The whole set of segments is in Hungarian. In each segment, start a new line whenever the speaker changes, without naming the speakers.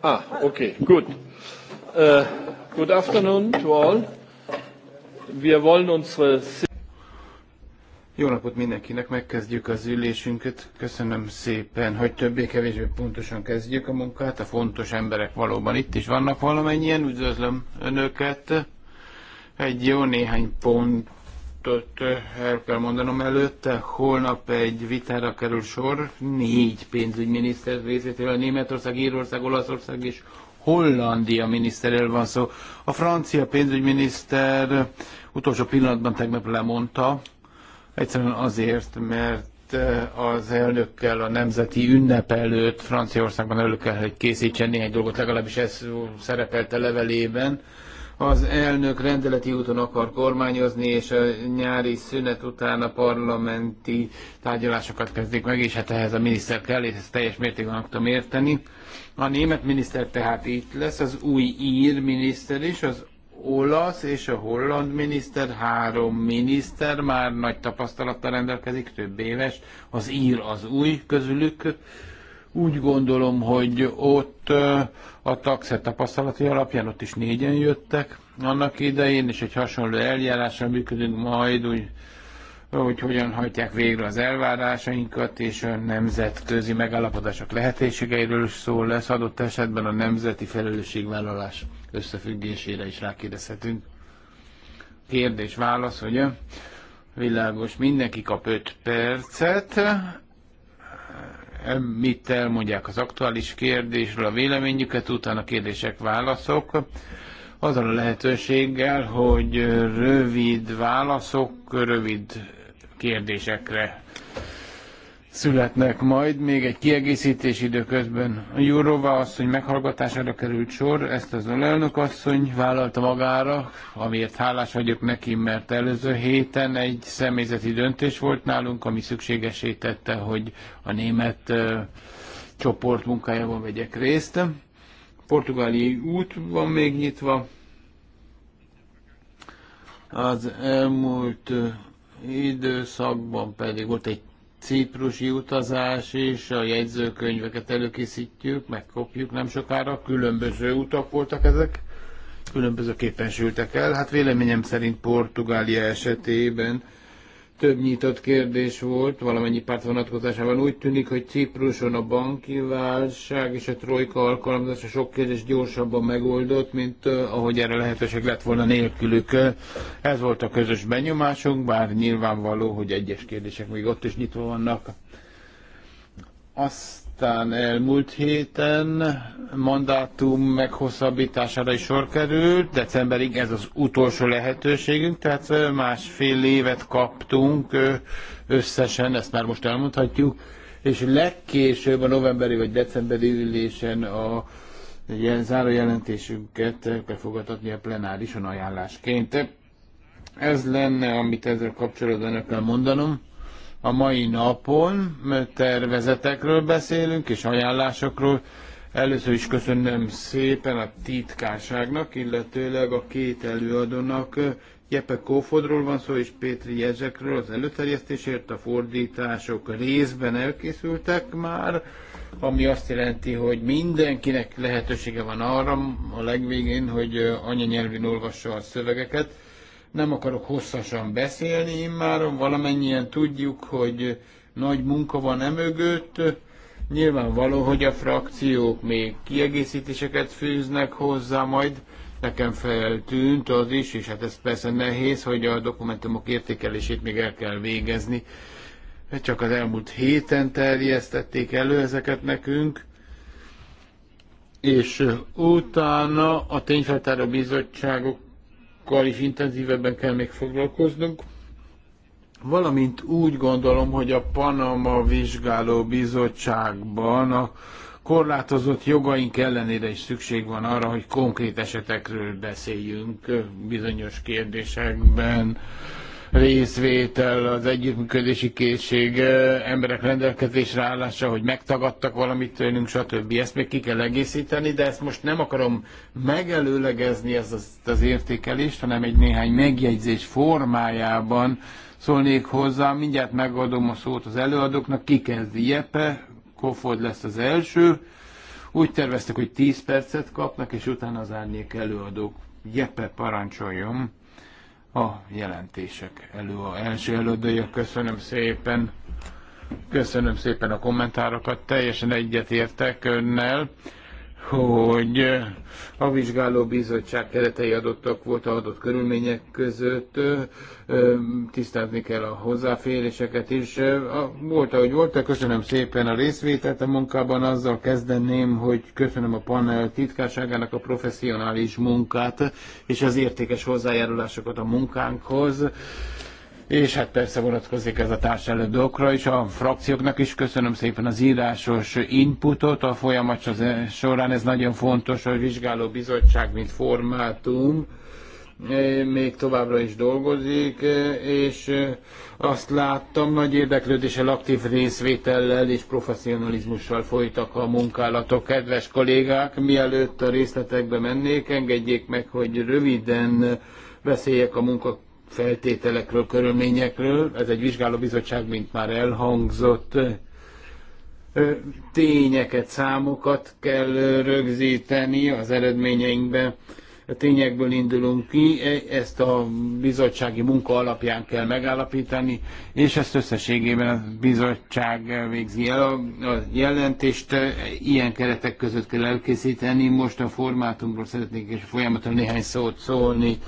Ah, okay, gut. Uh, good afternoon to all. Wir wollen unsere...
Jó napot mindenkinek, megkezdjük az ülésünket. Köszönöm szépen, hogy többé-kevésbé pontosan kezdjük a munkát. A fontos emberek valóban itt is vannak valamennyien. Üdvözlöm Önöket. Egy jó néhány pont pontot eh, el kell mondanom előtte. Holnap egy vitára kerül sor, négy pénzügyminiszter részétől, Németország, Írország, Olaszország és Hollandia miniszterrel van szó. A francia pénzügyminiszter utolsó pillanatban tegnap lemondta, egyszerűen azért, mert eh, az elnökkel a nemzeti ünnep előtt Franciaországban elő kell, hogy készítsen néhány dolgot, legalábbis ez szerepelt a levelében az elnök rendeleti úton akar kormányozni, és a nyári szünet után a parlamenti tárgyalásokat kezdik meg, és hát ehhez a miniszter kell, és ezt teljes mértékben tudom érteni. A német miniszter tehát itt lesz, az új ír miniszter is, az olasz és a holland miniszter, három miniszter már nagy tapasztalattal rendelkezik, több éves, az ír az új közülük, úgy gondolom, hogy ott a taxer tapasztalati alapján ott is négyen jöttek annak idején, és egy hasonló eljárásra működünk majd, úgy, hogy hogyan hajtják végre az elvárásainkat, és a nemzetközi megállapodások lehetőségeiről is szó lesz, adott esetben a nemzeti felelősségvállalás összefüggésére is rákérdezhetünk. Kérdés-válasz, ugye? Világos, mindenki kap 5 percet, mit elmondják az aktuális kérdésről, a véleményüket, utána kérdések, válaszok. Azzal a lehetőséggel, hogy rövid válaszok, rövid kérdésekre születnek majd, még egy kiegészítés időközben. A Jurova asszony meghallgatására került sor, ezt az alelnök asszony vállalta magára, amiért hálás vagyok neki, mert előző héten egy személyzeti döntés volt nálunk, ami szükségesé tette, hogy a német uh, csoport munkájában vegyek részt. Portugáli út van még nyitva. Az elmúlt időszakban pedig volt egy ciprusi utazás és a jegyzőkönyveket előkészítjük, megkopjuk nem sokára. Különböző utak voltak ezek, különbözőképpen sültek el. Hát véleményem szerint Portugália esetében több nyitott kérdés volt valamennyi párt vonatkozásában. Úgy tűnik, hogy Cipruson a banki válság és a trojka alkalmazása sok kérdés gyorsabban megoldott, mint ahogy erre lehetőség lett volna nélkülük. Ez volt a közös benyomásunk, bár nyilvánvaló, hogy egyes kérdések még ott is nyitva vannak. Azt aztán elmúlt héten mandátum meghosszabbítására is sor került, decemberig ez az utolsó lehetőségünk, tehát másfél évet kaptunk összesen, ezt már most elmondhatjuk, és legkésőbb a novemberi vagy decemberi ülésen a ilyen zárójelentésünket befogadhatni a plenárison ajánlásként. Ez lenne, amit ezzel kapcsolatban el kell mondanom. A mai napon tervezetekről beszélünk és ajánlásokról. Először is köszönöm szépen a titkárságnak, illetőleg a két előadónak. Jepe Kófodról van szó, és Pétri Jezsekről az előterjesztésért a fordítások részben elkészültek már, ami azt jelenti, hogy mindenkinek lehetősége van arra a legvégén, hogy anyanyelvén olvassa a szövegeket nem akarok hosszasan beszélni már valamennyien tudjuk, hogy nagy munka van emögött. Nyilvánvaló, hogy a frakciók még kiegészítéseket fűznek hozzá majd. Nekem feltűnt az is, és hát ez persze nehéz, hogy a dokumentumok értékelését még el kell végezni. Csak az elmúlt héten terjesztették elő ezeket nekünk és utána a tényfeltáró bizottságok témákkal is intenzívebben kell még foglalkoznunk. Valamint úgy gondolom, hogy a Panama Vizsgáló Bizottságban a korlátozott jogaink ellenére is szükség van arra, hogy konkrét esetekről beszéljünk bizonyos kérdésekben részvétel, az együttműködési készség, emberek rendelkezésre állása, hogy megtagadtak valamit tőlünk, stb. Ezt még ki kell egészíteni, de ezt most nem akarom megelőlegezni ezt az, az értékelést, hanem egy néhány megjegyzés formájában szólnék hozzá. Mindjárt megadom a szót az előadóknak. Ki kezdi? Jepe, Kofod lesz az első. Úgy terveztek, hogy 10 percet kapnak, és utána az árnyék előadók. Jeppe, parancsoljon! a jelentések elő, a első elődője. Köszönöm szépen. Köszönöm szépen a kommentárokat, teljesen egyetértek önnel hogy eh, a vizsgáló bizottság keretei adottak volt a adott körülmények között, eh, eh, tisztázni kell a hozzáféréseket is. Volt, ahogy voltak, köszönöm szépen a részvételt a munkában, azzal kezdeném, hogy köszönöm a panel titkárságának a professzionális munkát és az értékes hozzájárulásokat a munkánkhoz és hát persze vonatkozik ez a társadalmi is, a frakcióknak is köszönöm szépen az írásos inputot, a folyamat során ez nagyon fontos, hogy vizsgáló bizottság, mint formátum, eh, még továbbra is dolgozik, eh, és eh, azt láttam, nagy érdeklődéssel, aktív részvétellel és professzionalizmussal folytak a munkálatok. Kedves kollégák, mielőtt a részletekbe mennék, engedjék meg, hogy röviden beszéljek a munka feltételekről, körülményekről. Ez egy vizsgálóbizottság, mint már elhangzott. Tényeket, számokat kell rögzíteni az eredményeinkben. A tényekből indulunk ki, e, ezt a bizottsági munka alapján kell megállapítani, és ezt összességében a bizottság végzi el. A jelentést e, ilyen keretek között kell elkészíteni. Most a formátumról szeretnék és folyamatosan néhány szót szólni.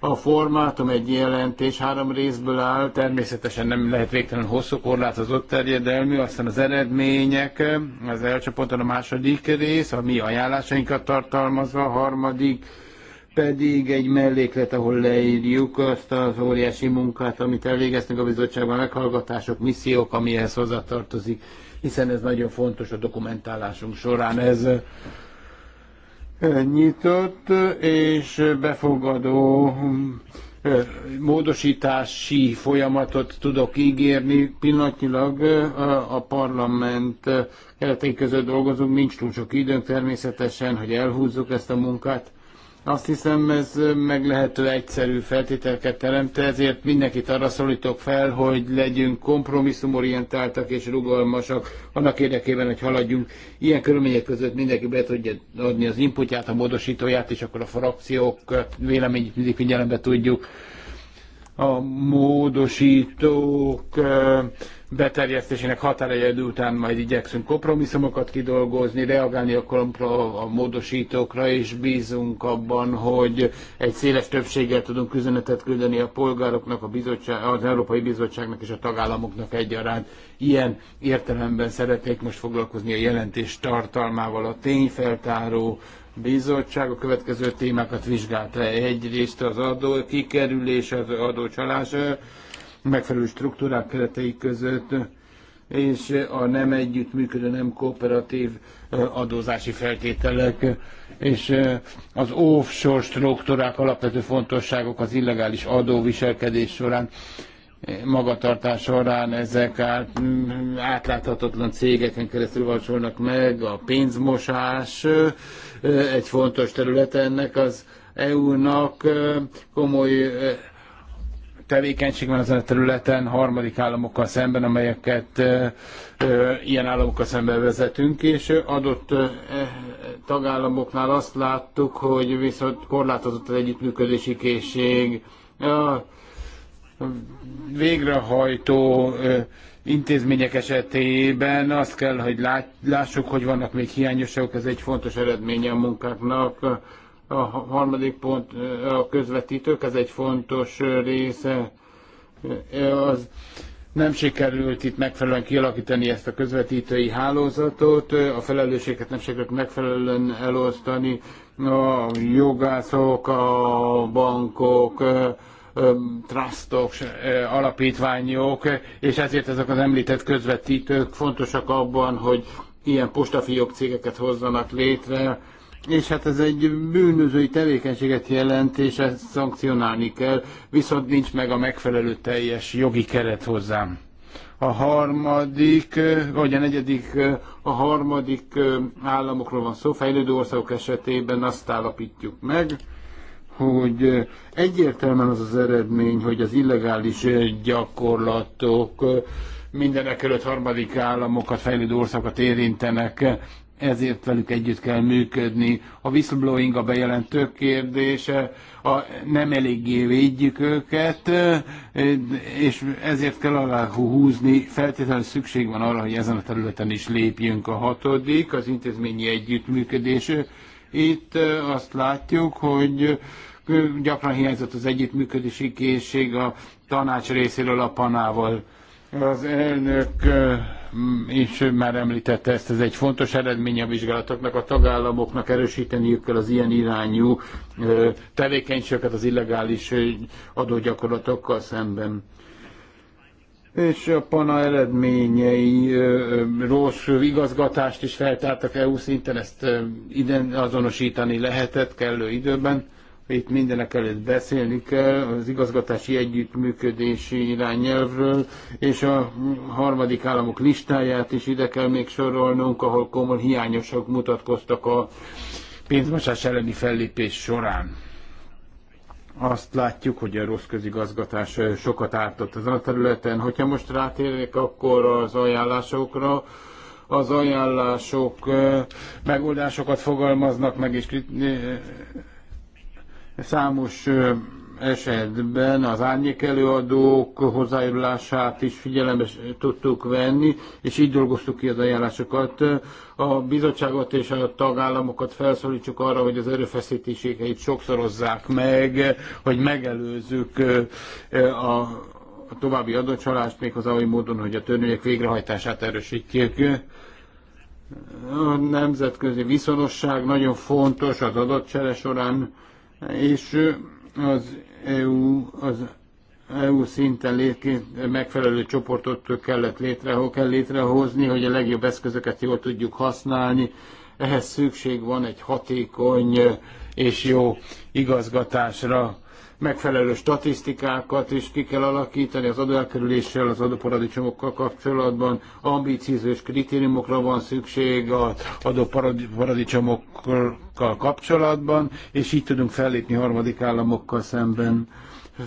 A formátum egy jelentés három részből áll, természetesen nem lehet végtelen hosszú korlátozott terjedelmű, aztán az eredmények, az első ponton a második rész, a mi ajánlásainkat tartalmazva, a harmadik pedig egy melléklet, ahol leírjuk azt az óriási munkát, amit elvégeztünk a bizottságban, meghallgatások, missziók, amihez hozzátartozik, hiszen ez nagyon fontos a dokumentálásunk során. Ez nyitott és befogadó módosítási folyamatot tudok ígérni. Pillanatnyilag a parlament keretei között dolgozunk, nincs túl sok időnk természetesen, hogy elhúzzuk ezt a munkát, azt hiszem, ez meglehető egyszerű feltételeket teremte, ezért mindenkit arra szólítok fel, hogy legyünk kompromisszumorientáltak és rugalmasak, annak érdekében, hogy haladjunk. Ilyen körülmények között mindenki be tudja adni az inputját, a módosítóját, és akkor a frakciók véleményét mindig figyelembe tudjuk. A módosítók beterjesztésének határejedő után majd igyekszünk kompromisszumokat kidolgozni, reagálni a, kompro, a módosítókra, és bízunk abban, hogy egy széles többséggel tudunk üzenetet küldeni a polgároknak, a bizottság, az Európai Bizottságnak és a tagállamoknak egyaránt. Ilyen értelemben szeretnék most foglalkozni a jelentés tartalmával. A tényfeltáró bizottság a következő témákat vizsgálta. Egyrészt az adó kikerülés, az adócsalás, megfelelő struktúrák keretei között, és a nem együttműködő, nem kooperatív adózási feltételek, és az offshore struktúrák alapvető fontosságok az illegális adóviselkedés során magatartás során ezek át, átláthatatlan cégeken keresztül valósulnak meg, a pénzmosás egy fontos terület ennek az EU-nak komoly tevékenység van ezen a területen, harmadik államokkal szemben, amelyeket ilyen államokkal szemben vezetünk, és adott e, tagállamoknál azt láttuk, hogy viszont korlátozott az együttműködési készség. A végrehajtó intézmények esetében azt kell, hogy lássuk, hogy vannak még hiányosok, ez egy fontos eredménye a munkáknak a harmadik pont a közvetítők, ez egy fontos része. Az nem sikerült itt megfelelően kialakítani ezt a közvetítői hálózatot, a felelősséget nem sikerült megfelelően elosztani, a jogászok, a bankok, trustok, alapítványok, és ezért ezek az említett közvetítők fontosak abban, hogy ilyen postafiók cégeket hozzanak létre, és hát ez egy bűnözői tevékenységet jelent, és ezt szankcionálni kell, viszont nincs meg a megfelelő teljes jogi keret hozzám. A harmadik, vagy a negyedik, a harmadik államokról van szó, fejlődő országok esetében azt állapítjuk meg, hogy egyértelműen az az eredmény, hogy az illegális gyakorlatok mindenek előtt harmadik államokat, fejlődő országokat érintenek, ezért velük együtt kell működni. A whistleblowing a bejelentők kérdése, a nem eléggé védjük őket, és ezért kell alá húzni, feltétlenül szükség van arra, hogy ezen a területen is lépjünk. A hatodik, az intézményi együttműködés. Itt azt látjuk, hogy gyakran hiányzott az együttműködési készség a tanács részéről a panával. Az elnök Mm, és már említette ezt, ez egy fontos eredmény a vizsgálatoknak, a tagállamoknak erősíteniük kell az ilyen irányú tevékenységeket az illegális adógyakorlatokkal szemben. És a PANA eredményei rossz igazgatást is feltártak EU szinten, ezt azonosítani lehetett kellő időben itt mindenek előtt beszélni kell az igazgatási együttműködési irányelvről, és a harmadik államok listáját is ide kell még sorolnunk, ahol komoly hiányosok mutatkoztak a pénzmosás elleni fellépés során azt látjuk, hogy a rossz közigazgatás sokat ártott ezen a területen. Hogyha most rátérnék akkor az ajánlásokra, az ajánlások eh, megoldásokat fogalmaznak meg, és eh, Számos esetben az árnyék előadók hozzájárulását is figyelembe tudtuk venni, és így dolgoztuk ki az ajánlásokat. A bizottságot és a tagállamokat felszólítsuk arra, hogy az erőfeszítéseiket sokszorozzák meg, hogy megelőzzük a további adócsalást méghozzá oly módon, hogy a törvények végrehajtását erősítjék. A nemzetközi viszonosság nagyon fontos az adatcsere során és az EU, az EU szinten megfelelő csoportot kellett létre, kell létrehozni, hogy a legjobb eszközöket jól tudjuk használni. Ehhez szükség van egy hatékony és jó igazgatásra megfelelő statisztikákat is ki kell alakítani az adóelkerüléssel, az adóparadicsomokkal kapcsolatban, ambíciós kritériumokra van szükség az adóparadicsomokkal kapcsolatban, és így tudunk fellépni harmadik államokkal szemben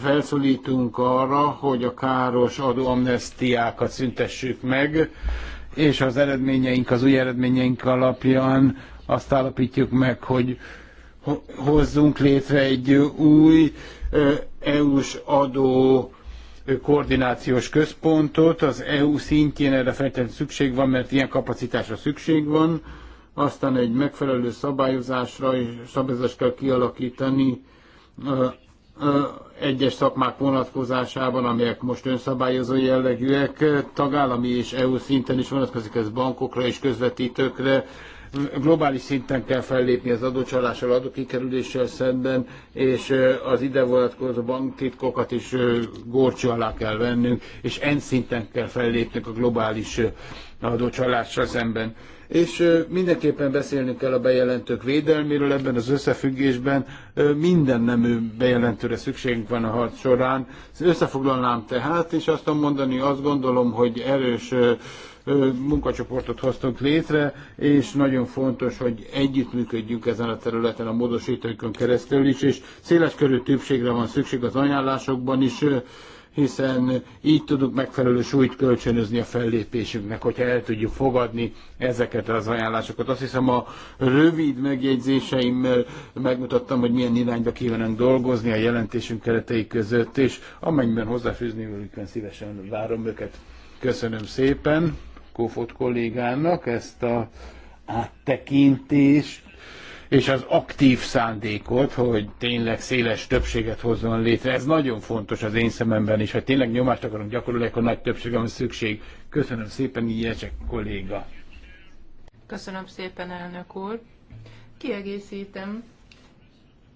felszólítunk arra, hogy a káros adóamnestiákat szüntessük meg, és az eredményeink, az új eredményeink alapján azt állapítjuk meg, hogy hozzunk létre egy új EU-s adó koordinációs központot. Az EU szintjén erre feltétlenül szükség van, mert ilyen kapacitásra szükség van. Aztán egy megfelelő szabályozásra és szabályozást kell kialakítani egyes szakmák vonatkozásában, amelyek most önszabályozó jellegűek, tagállami és EU szinten is vonatkozik ez bankokra és közvetítőkre, globális szinten kell fellépni az adócsalással, adókikerüléssel szemben, és az ide vonatkozó banktitkokat is górcsú alá kell vennünk, és en szinten kell fellépnünk a globális adócsalással szemben. És mindenképpen beszélnünk kell a bejelentők védelméről ebben az összefüggésben. Minden nemű bejelentőre szükségünk van a harc során. Összefoglalnám tehát, és azt mondani, azt gondolom, hogy erős munkacsoportot hoztunk létre, és nagyon fontos, hogy együttműködjünk ezen a területen a módosítókon keresztül is, és széles körű többségre van szükség az ajánlásokban is, hiszen így tudunk megfelelő súlyt kölcsönözni a fellépésünknek, hogyha el tudjuk fogadni ezeket az ajánlásokat. Azt hiszem a rövid megjegyzéseimmel megmutattam, hogy milyen irányba kívánunk dolgozni a jelentésünk keretei között, és amennyiben hozzáfűzni velükön szívesen várom őket. Köszönöm szépen! Kofot kollégának ezt a áttekintést, és az aktív szándékot, hogy tényleg széles többséget hozzon létre. Ez nagyon fontos az én szememben is. hogy tényleg nyomást akarunk gyakorolni, akkor nagy többség van szükség. Köszönöm szépen, Ijecsek kolléga.
Köszönöm szépen, elnök úr. Kiegészítem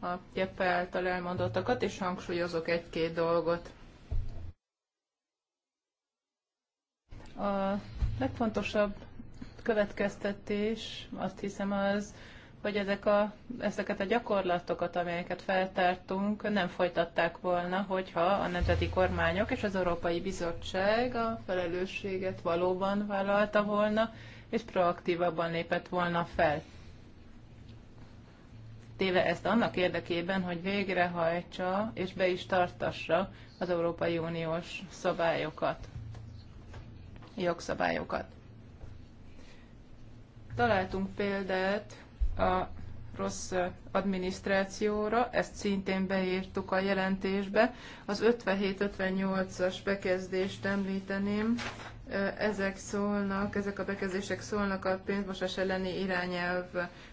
a Jeppe által elmondottakat, és hangsúlyozok egy-két dolgot. A legfontosabb következtetés azt hiszem az, hogy ezek a, ezeket a gyakorlatokat, amelyeket feltártunk, nem folytatták volna, hogyha a nemzeti kormányok és az Európai Bizottság a felelősséget valóban vállalta volna, és proaktívabban lépett volna fel. Téve ezt annak érdekében, hogy végrehajtsa és be is tartassa az Európai Uniós szabályokat jogszabályokat. Találtunk példát a rossz adminisztrációra, ezt szintén beírtuk a jelentésbe. Az 57-58-as bekezdést említeném, ezek szólnak, ezek a bekezdések szólnak a pénzmosás elleni irányelv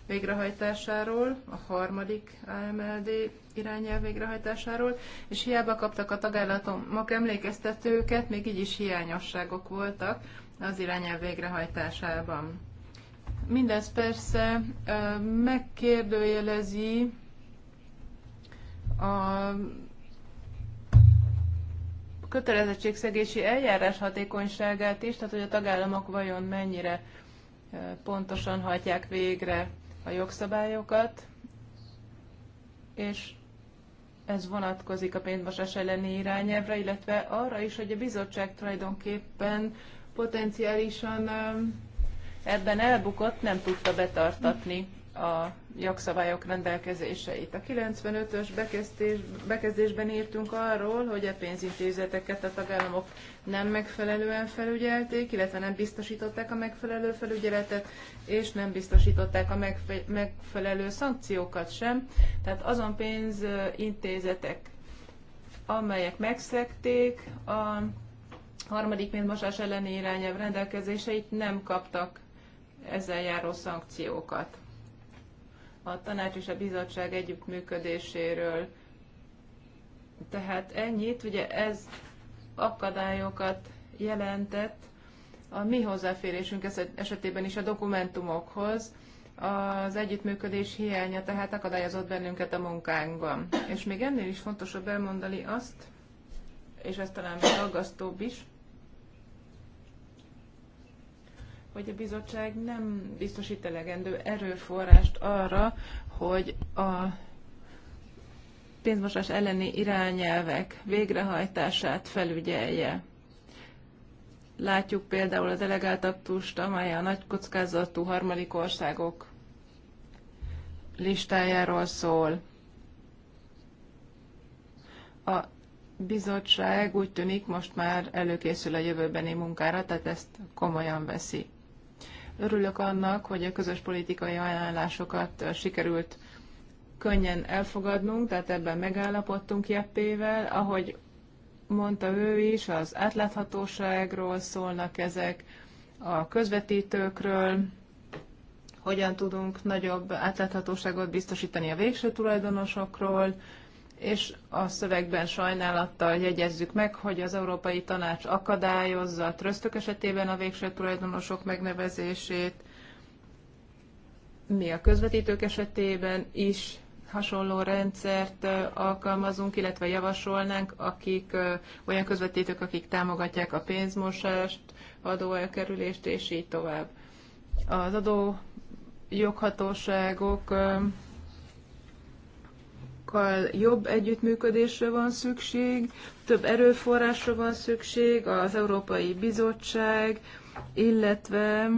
végrehajtásáról, a harmadik AMLD irányelv végrehajtásáról, és hiába kaptak a tagállamok emlékeztetőket, még így is hiányosságok voltak az irányelv végrehajtásában. Mindez persze megkérdőjelezi a kötelezettségszegési eljárás hatékonyságát is, tehát hogy a tagállamok vajon mennyire pontosan hajtják végre a jogszabályokat, és ez vonatkozik a pénzmosás elleni irányelvre, illetve arra is, hogy a bizottság tulajdonképpen potenciálisan ebben elbukott, nem tudta betartatni a jogszabályok rendelkezéseit. A 95-ös bekezdés, bekezdésben írtunk arról, hogy a pénzintézeteket a tagállamok nem megfelelően felügyelték, illetve nem biztosították a megfelelő felügyeletet, és nem biztosították a megfelelő szankciókat sem. Tehát azon pénzintézetek, amelyek megszekték a harmadik pénzmosás elleni irányelv rendelkezéseit, nem kaptak ezzel járó szankciókat a tanács és a bizottság együttműködéséről. Tehát ennyit, ugye ez akadályokat jelentett a mi hozzáférésünk esetében is a dokumentumokhoz, az együttműködés hiánya tehát akadályozott bennünket a munkánkban. És még ennél is fontosabb elmondani azt, és ez talán még aggasztóbb is, hogy a bizottság nem biztosít elegendő erőforrást arra, hogy a pénzmosás elleni irányelvek végrehajtását felügyelje. Látjuk például az delegált amely a nagy kockázatú harmadik országok listájáról szól. A bizottság úgy tűnik most már előkészül a jövőbeni munkára, tehát ezt komolyan veszi. Örülök annak, hogy a közös politikai ajánlásokat sikerült könnyen elfogadnunk, tehát ebben megállapodtunk Jeppével. Ahogy mondta ő is, az átláthatóságról szólnak ezek, a közvetítőkről, hogyan tudunk nagyobb átláthatóságot biztosítani a végső tulajdonosokról, és a szövegben sajnálattal jegyezzük meg, hogy az Európai Tanács akadályozza a trösztök esetében a végső tulajdonosok megnevezését, mi a közvetítők esetében is hasonló rendszert alkalmazunk, illetve javasolnánk, akik olyan közvetítők, akik támogatják a pénzmosást, adóelkerülést és így tovább. Az adó joghatóságok sokkal jobb együttműködésre van szükség, több erőforrásra van szükség, az Európai Bizottság, illetve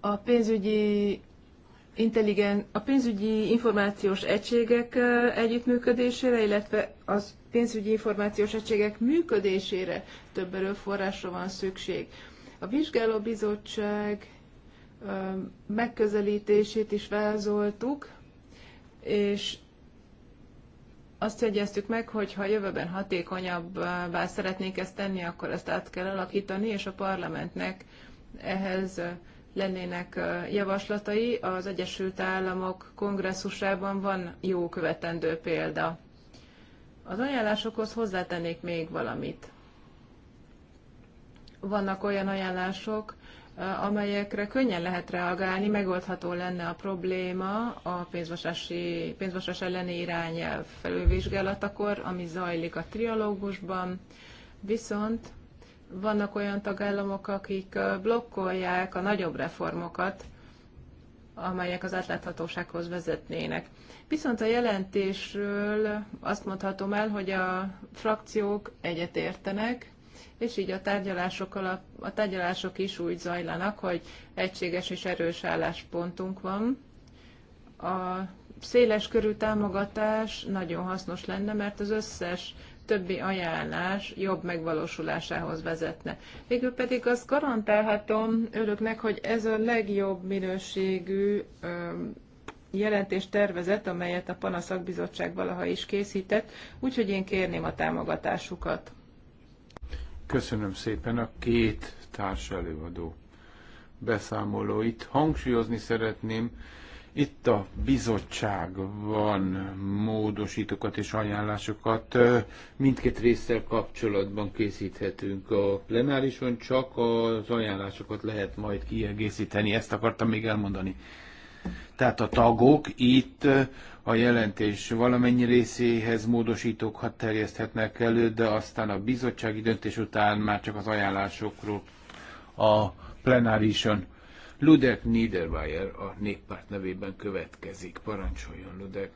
a pénzügyi intelligen, a pénzügyi információs egységek együttműködésére, illetve az pénzügyi információs egységek működésére több erőforrásra van szükség. A vizsgálóbizottság megközelítését is vázoltuk, és azt jegyeztük meg, hogy ha jövőben hatékonyabbá szeretnék ezt tenni, akkor ezt át kell alakítani, és a parlamentnek ehhez lennének javaslatai. Az Egyesült Államok kongresszusában van jó követendő példa. Az ajánlásokhoz hozzátennék még valamit vannak olyan ajánlások, eh, amelyekre könnyen lehet reagálni, megoldható lenne a probléma a pénzmosási, pénzmosás elleni irányelv felülvizsgálatakor, ami zajlik a trialógusban, viszont vannak olyan tagállamok, akik eh, blokkolják a nagyobb reformokat, amelyek az átláthatósághoz vezetnének. Viszont a jelentésről azt mondhatom el, hogy a frakciók egyetértenek, és így a tárgyalások, alap, a tárgyalások is úgy zajlanak, hogy egységes és erős álláspontunk van. A széles körű támogatás nagyon hasznos lenne, mert az összes többi ajánlás jobb megvalósulásához vezetne. Végül pedig azt garantálhatom önöknek, hogy ez a legjobb minőségű jelentés tervezet, amelyet a Panaszakbizottság valaha is készített, úgyhogy én kérném a támogatásukat.
Köszönöm szépen a két társ előadó beszámolóit. Hangsúlyozni szeretném, itt a bizottság van módosítókat és ajánlásokat. Mindkét résszel kapcsolatban készíthetünk a plenárison, csak az ajánlásokat lehet majd kiegészíteni. Ezt akartam még elmondani. Tehát a tagok itt a jelentés valamennyi részéhez módosítók hat terjeszthetnek elő, de aztán a bizottsági döntés után már csak az ajánlásokról a plenárison. Ludek Niederweyer a néppárt nevében következik. Parancsoljon, Ludek.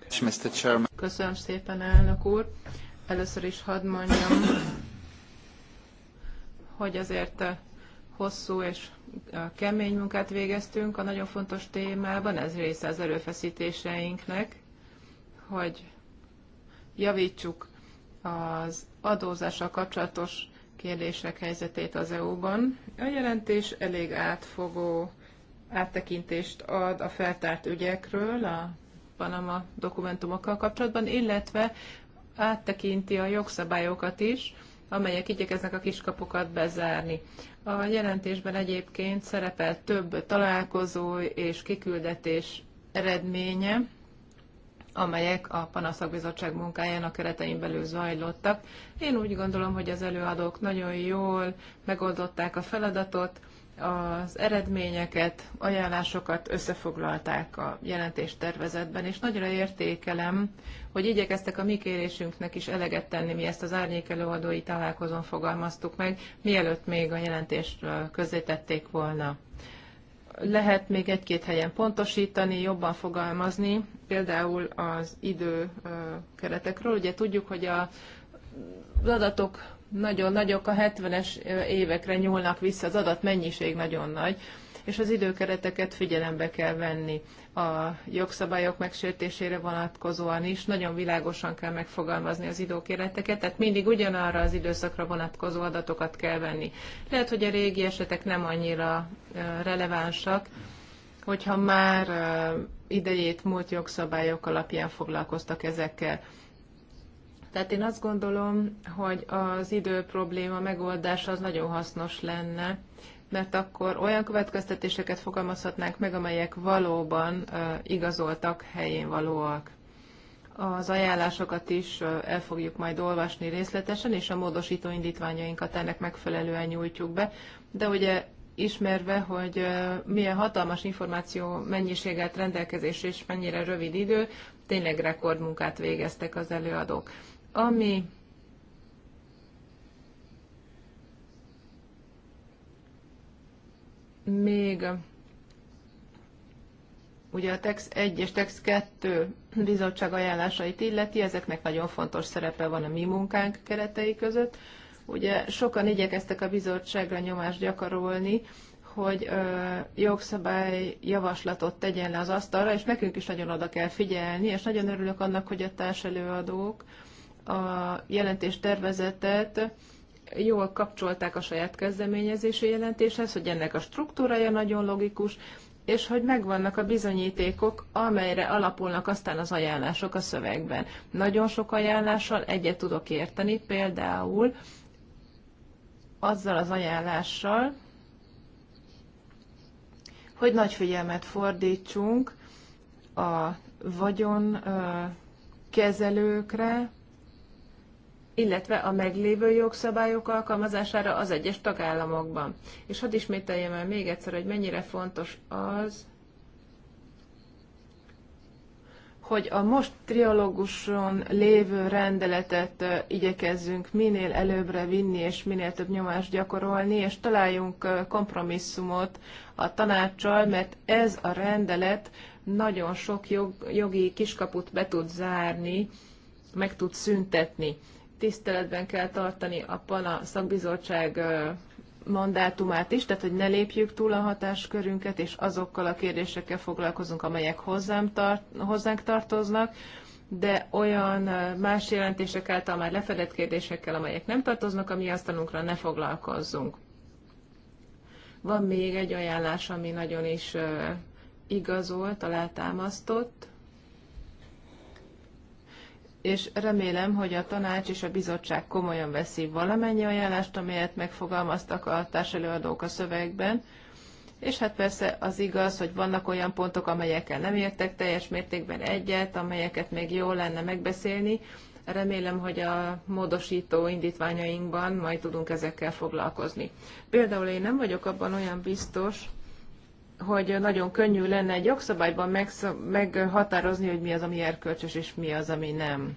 Köszönöm szépen, elnök úr. Először is hadd mondjam, hogy azért eh, hosszú és eh, kemény munkát végeztünk a nagyon fontos témában, ez része az erőfeszítéseinknek hogy javítsuk az adózással kapcsolatos kérdések helyzetét az EU-ban. A jelentés elég átfogó áttekintést ad a feltárt ügyekről, a Panama dokumentumokkal kapcsolatban, illetve áttekinti a jogszabályokat is, amelyek igyekeznek a kiskapukat bezárni. A jelentésben egyébként szerepel több találkozó és kiküldetés eredménye, amelyek a Panaszakbizottság munkájának keretein belül zajlottak. Én úgy gondolom, hogy az előadók nagyon jól megoldották a feladatot, az eredményeket, ajánlásokat összefoglalták a jelentés tervezetben és nagyra értékelem, hogy igyekeztek a mi kérésünknek is eleget tenni, mi ezt az árnyék előadói találkozón fogalmaztuk meg, mielőtt még a jelentést közzétették volna lehet még egy-két helyen pontosítani, jobban fogalmazni, például az idő keretekről. Ugye tudjuk, hogy a az adatok nagyon nagyok, a 70-es évekre nyúlnak vissza, az adatmennyiség nagyon nagy, és az időkereteket figyelembe kell venni a jogszabályok megsértésére vonatkozóan is nagyon világosan kell megfogalmazni az időkéreteket, tehát mindig ugyanarra az időszakra vonatkozó adatokat kell venni. Lehet, hogy a régi esetek nem annyira relevánsak, hogyha már idejét múlt jogszabályok alapján foglalkoztak ezekkel. Tehát én azt gondolom, hogy az idő probléma megoldása az nagyon hasznos lenne, mert akkor olyan következtetéseket fogalmazhatnánk meg, amelyek valóban igazoltak, helyén valóak. Az ajánlásokat is el fogjuk majd olvasni részletesen, és a módosító indítványainkat ennek megfelelően nyújtjuk be, de ugye ismerve, hogy milyen hatalmas információ mennyiséget rendelkezés és mennyire rövid idő, tényleg rekordmunkát végeztek az előadók. Ami még ugye a TEX 1 és TEX 2 bizottság ajánlásait illeti, ezeknek nagyon fontos szerepe van a mi munkánk keretei között. Ugye sokan igyekeztek a bizottságra nyomást gyakorolni, hogy ö, jogszabály javaslatot tegyen le az asztalra, és nekünk is nagyon oda kell figyelni, és nagyon örülök annak, hogy a társelőadók a jelentés tervezetet jól kapcsolták a saját kezdeményezési jelentéshez, hogy ennek a struktúrája nagyon logikus, és hogy megvannak a bizonyítékok, amelyre alapulnak aztán az ajánlások a szövegben. Nagyon sok ajánlással egyet tudok érteni, például azzal az ajánlással, hogy nagy figyelmet fordítsunk a vagyon kezelőkre, illetve a meglévő jogszabályok alkalmazására az egyes tagállamokban. És hadd ismételjem el még egyszer, hogy mennyire fontos az, hogy a most triológuson lévő rendeletet igyekezzünk minél előbbre vinni, és minél több nyomást gyakorolni, és találjunk kompromisszumot a tanácssal, mert ez a rendelet nagyon sok jog, jogi kiskaput be tud zárni, meg tud szüntetni tiszteletben kell tartani a PANA szakbizottság mandátumát is, tehát hogy ne lépjük túl a hatáskörünket, és azokkal a kérdésekkel foglalkozunk, amelyek hozzám tart, hozzánk tartoznak, de olyan más jelentések által már lefedett kérdésekkel, amelyek nem tartoznak, ami asztalunkra ne foglalkozzunk. Van még egy ajánlás, ami nagyon is igazolt, alátámasztott, és remélem, hogy a tanács és a bizottság komolyan veszi valamennyi ajánlást, amelyet megfogalmaztak a társelőadók a szövegben, és hát persze az igaz, hogy vannak olyan pontok, amelyekkel nem értek teljes mértékben egyet, amelyeket még jó lenne megbeszélni. Remélem, hogy a módosító indítványainkban majd tudunk ezekkel foglalkozni. Például én nem vagyok abban olyan biztos, hogy nagyon könnyű lenne egy jogszabályban meghatározni, hogy mi az, ami erkölcsös, és mi az, ami nem.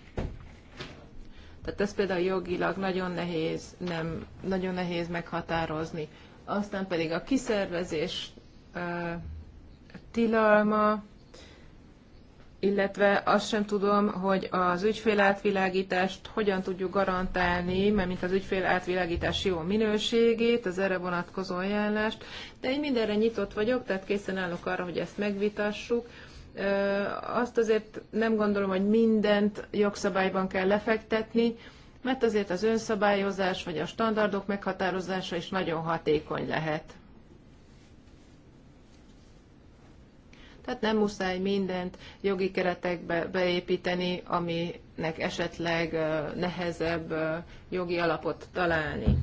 Tehát ez például jogilag nagyon nehéz, nem, nagyon nehéz meghatározni. Aztán pedig a kiszervezés uh, tilalma, illetve azt sem tudom, hogy az ügyfél átvilágítást hogyan tudjuk garantálni, mert mint az ügyfél átvilágítás jó minőségét, az erre vonatkozó ajánlást, de én mindenre nyitott vagyok, tehát készen állok arra, hogy ezt megvitassuk. Azt azért nem gondolom, hogy mindent jogszabályban kell lefektetni, mert azért az önszabályozás vagy a standardok meghatározása is nagyon hatékony lehet. Tehát nem muszáj mindent jogi keretekbe beépíteni, aminek esetleg nehezebb jogi alapot találni.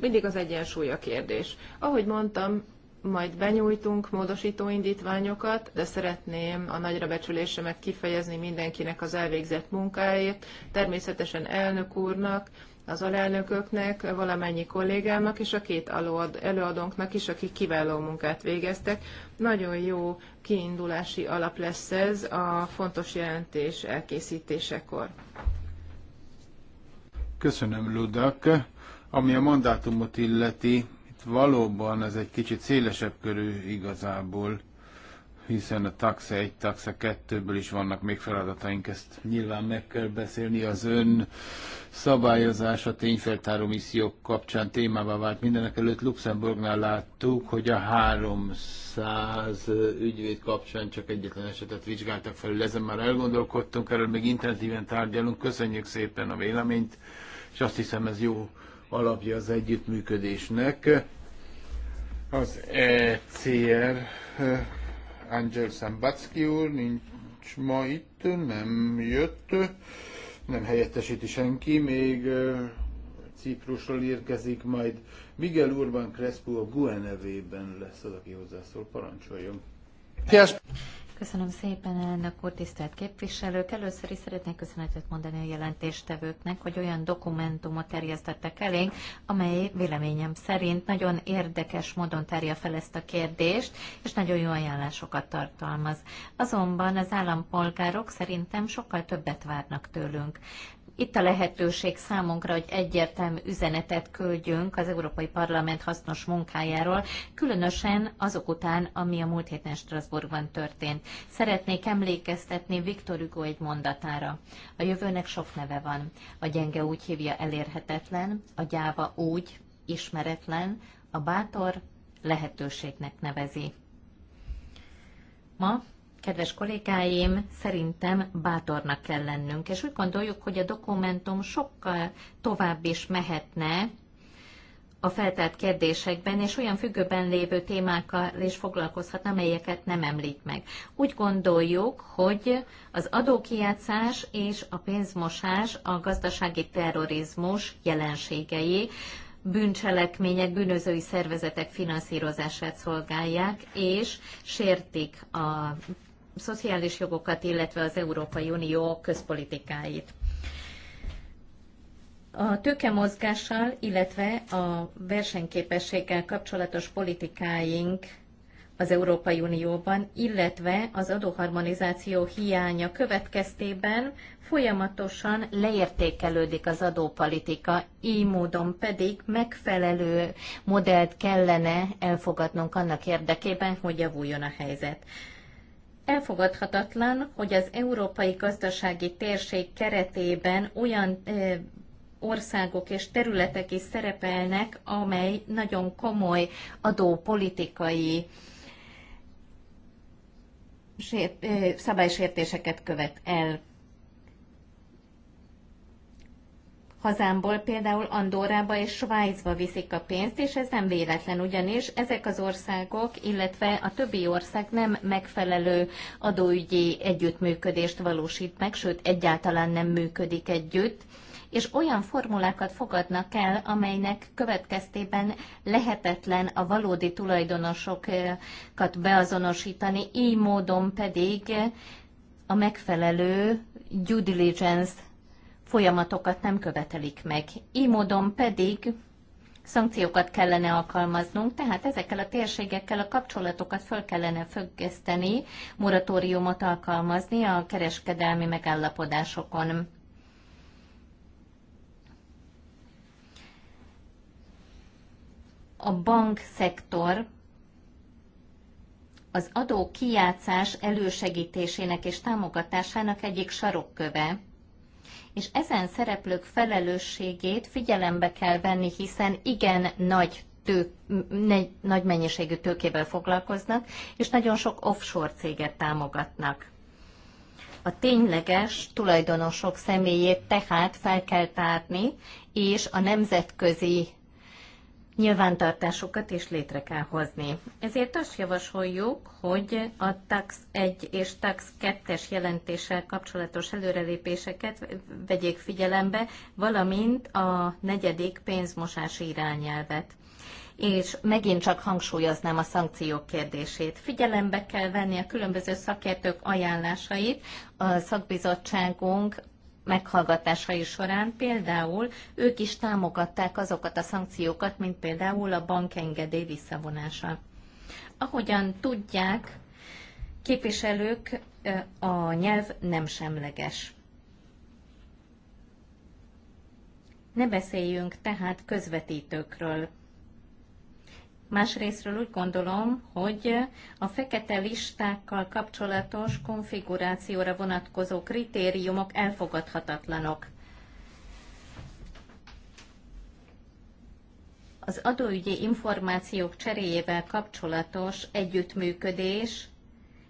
Mindig az egyensúly a kérdés. Ahogy mondtam, majd benyújtunk módosító indítványokat, de szeretném a nagyra becsülésemet kifejezni mindenkinek az elvégzett munkáért, természetesen elnök úrnak, az alelnököknek, valamennyi kollégámnak és a két előadónknak is, akik kiváló munkát végeztek. Nagyon jó kiindulási alap lesz ez a fontos jelentés elkészítésekor.
Köszönöm, Ludak. Ami a mandátumot illeti, itt valóban ez egy kicsit szélesebb körül igazából hiszen a taxa 1, taxa 2-ből is vannak még feladataink, ezt nyilván meg kell beszélni. Az ön szabályozása tényfeltáró missziók kapcsán témává vált. Mindenek előtt Luxemburgnál láttuk, hogy a 300 ügyvéd kapcsán csak egyetlen esetet vizsgáltak felül. Ezen már elgondolkodtunk, erről még intenzíven tárgyalunk. Köszönjük szépen a véleményt, és azt hiszem ez jó alapja az együttműködésnek. Az ECR Angel Szembacki úr nincs ma itt, nem jött, nem helyettesíti senki, még Ciprusról érkezik, majd Miguel Urban Crespo a GUE nevében lesz az, aki hozzászól. Parancsoljon!
Yes. Köszönöm szépen, elnök úr, tisztelt képviselők. Először is szeretnék köszönetet mondani a jelentéstevőknek, hogy olyan dokumentumot terjesztettek elénk, amely véleményem szerint nagyon érdekes módon terje fel ezt a kérdést, és nagyon jó ajánlásokat tartalmaz. Azonban az állampolgárok szerintem sokkal többet várnak tőlünk. Itt a lehetőség számunkra, hogy egyértelmű üzenetet küldjünk az Európai Parlament hasznos munkájáról, különösen azok után, ami a múlt héten Strasbourgban történt. Szeretnék emlékeztetni Viktor Hugo egy mondatára. A jövőnek sok neve van. A gyenge úgy hívja elérhetetlen, a gyáva úgy ismeretlen, a bátor lehetőségnek nevezi. Ma kedves kollégáim, szerintem bátornak kell lennünk, és úgy gondoljuk, hogy a dokumentum sokkal tovább is mehetne a feltelt kérdésekben, és olyan függőben lévő témákkal is foglalkozhat, amelyeket nem említ meg. Úgy gondoljuk, hogy az adókijátszás és a pénzmosás a gazdasági terrorizmus jelenségei, bűncselekmények, bűnözői szervezetek finanszírozását szolgálják, és sértik a szociális jogokat, illetve az Európai Unió közpolitikáit. A tőkemozgással, illetve a versenyképességgel kapcsolatos politikáink az Európai Unióban, illetve az adóharmonizáció hiánya következtében folyamatosan leértékelődik az adópolitika, így módon pedig megfelelő modellt kellene elfogadnunk annak érdekében, hogy javuljon a helyzet. Elfogadhatatlan, hogy az európai gazdasági térség keretében olyan országok és területek is szerepelnek, amely nagyon komoly adópolitikai szabálysértéseket követ el. Hazámból például Andorrába és Svájcba viszik a pénzt, és ez nem véletlen, ugyanis ezek az országok, illetve a többi ország nem megfelelő adóügyi együttműködést valósít meg, sőt egyáltalán nem működik együtt és olyan formulákat fogadnak el, amelynek következtében lehetetlen a valódi tulajdonosokat beazonosítani, így módon pedig a megfelelő due diligence folyamatokat nem követelik meg. Így módon pedig szankciókat kellene alkalmaznunk, tehát ezekkel a térségekkel a kapcsolatokat föl kellene függeszteni, moratóriumot alkalmazni a kereskedelmi megállapodásokon. A bankszektor az adó kijátszás elősegítésének és támogatásának egyik sarokköve és ezen szereplők felelősségét figyelembe kell venni, hiszen igen nagy tő, ne, nagy mennyiségű tőkével foglalkoznak, és nagyon sok offshore céget támogatnak. A tényleges tulajdonosok személyét tehát fel kell tárni, és a nemzetközi nyilvántartásokat is létre kell hozni. Ezért azt javasoljuk, hogy a TAX 1 és TAX 2-es jelentéssel kapcsolatos előrelépéseket vegyék figyelembe, valamint a negyedik pénzmosási irányelvet és megint csak hangsúlyoznám a szankciók kérdését. Figyelembe kell venni a különböző szakértők ajánlásait. A szakbizottságunk meghallgatásai során például ők is támogatták azokat a szankciókat, mint például a bankengedély visszavonása. Ahogyan tudják, képviselők a nyelv nem semleges. Ne beszéljünk tehát közvetítőkről, Másrésztről úgy gondolom, hogy a fekete listákkal kapcsolatos konfigurációra vonatkozó kritériumok elfogadhatatlanok. Az adóügyi információk cseréjével kapcsolatos együttműködés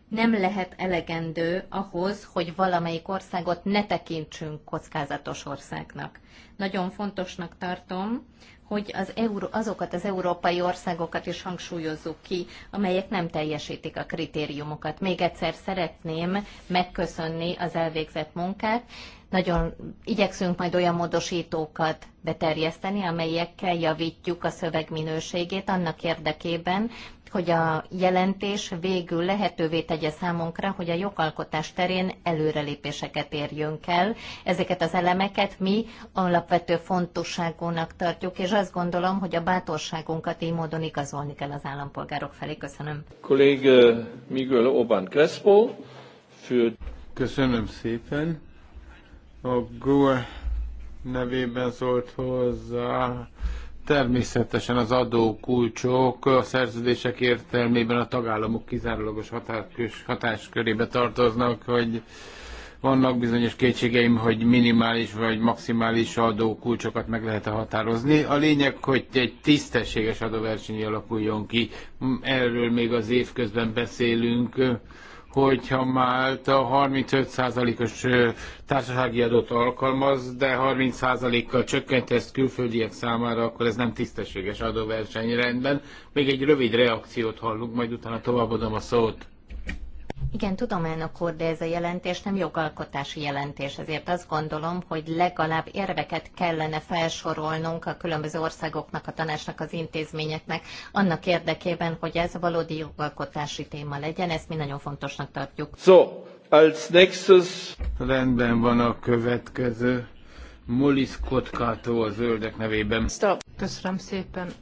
nem lehet elegendő ahhoz, hogy valamelyik országot ne tekintsünk kockázatos országnak. Nagyon fontosnak tartom, hogy az Euró, azokat az európai országokat is hangsúlyozzuk ki, amelyek nem teljesítik a kritériumokat. Még egyszer szeretném megköszönni az elvégzett munkát. Nagyon igyekszünk majd olyan módosítókat beterjeszteni, amelyekkel javítjuk a szöveg minőségét annak érdekében, hogy a jelentés végül lehetővé tegye számunkra, hogy a jogalkotás terén előrelépéseket érjünk el. Ezeket az elemeket mi alapvető fontosságúnak tartjuk, és azt gondolom, hogy a bátorságunkat így módon igazolni kell az állampolgárok felé. Köszönöm.
Kollég Miguel Oban Crespo. Für... Köszönöm szépen. A GUE nevében szólt hozzá Természetesen az adókulcsok a szerződések értelmében a tagállamok kizárólagos hatáskörébe tartoznak, hogy vannak bizonyos kétségeim, hogy minimális vagy maximális adókulcsokat meg lehet -e határozni. A lényeg, hogy egy tisztességes adóverseny alakuljon ki. Erről még az év közben beszélünk hogyha Málta 35%-os társasági adót alkalmaz, de 30%-kal csökkent ezt külföldiek számára, akkor ez nem tisztességes adóverseny rendben. Még egy rövid reakciót hallunk, majd utána továbbadom a szót.
Igen, tudom, elnök úr, de ez a jelentés nem jogalkotási jelentés, ezért azt gondolom, hogy legalább érveket kellene felsorolnunk a különböző országoknak, a tanácsnak, az intézményeknek, annak érdekében, hogy ez valódi jogalkotási téma legyen, ezt mi nagyon fontosnak tartjuk.
So, als nächstes... Rendben van a következő. Molis Kotkától a zöldek nevében.
Stop. Köszönöm szépen.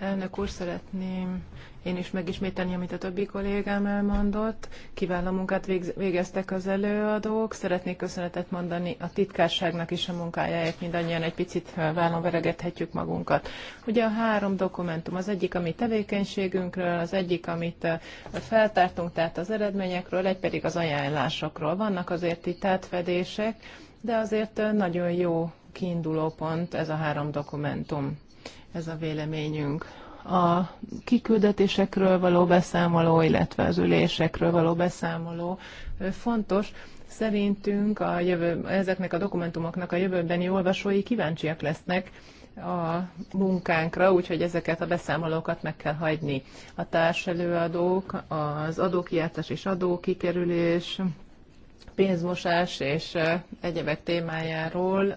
Elnök úr, szeretném én is megismételni, amit a többi kollégám elmondott. Kiváló munkát végeztek az előadók. Szeretnék köszönetet mondani a titkárságnak is a munkájáért. Mindannyian egy picit vállon veregethetjük magunkat. Ugye a három dokumentum, az egyik, ami tevékenységünkről, az egyik, amit feltártunk, tehát az eredményekről, egy pedig az ajánlásokról. Vannak azért itt átfedések, de azért nagyon jó kiinduló pont ez a három dokumentum, ez a véleményünk a kiküldetésekről való beszámoló, illetve az ülésekről való beszámoló fontos. Szerintünk a jövő, ezeknek a dokumentumoknak a jövőbeni olvasói kíváncsiak lesznek, a munkánkra, úgyhogy ezeket a beszámolókat meg kell hagyni. A társelőadók, az adókiáltás és adókikerülés, pénzmosás és egyebek témájáról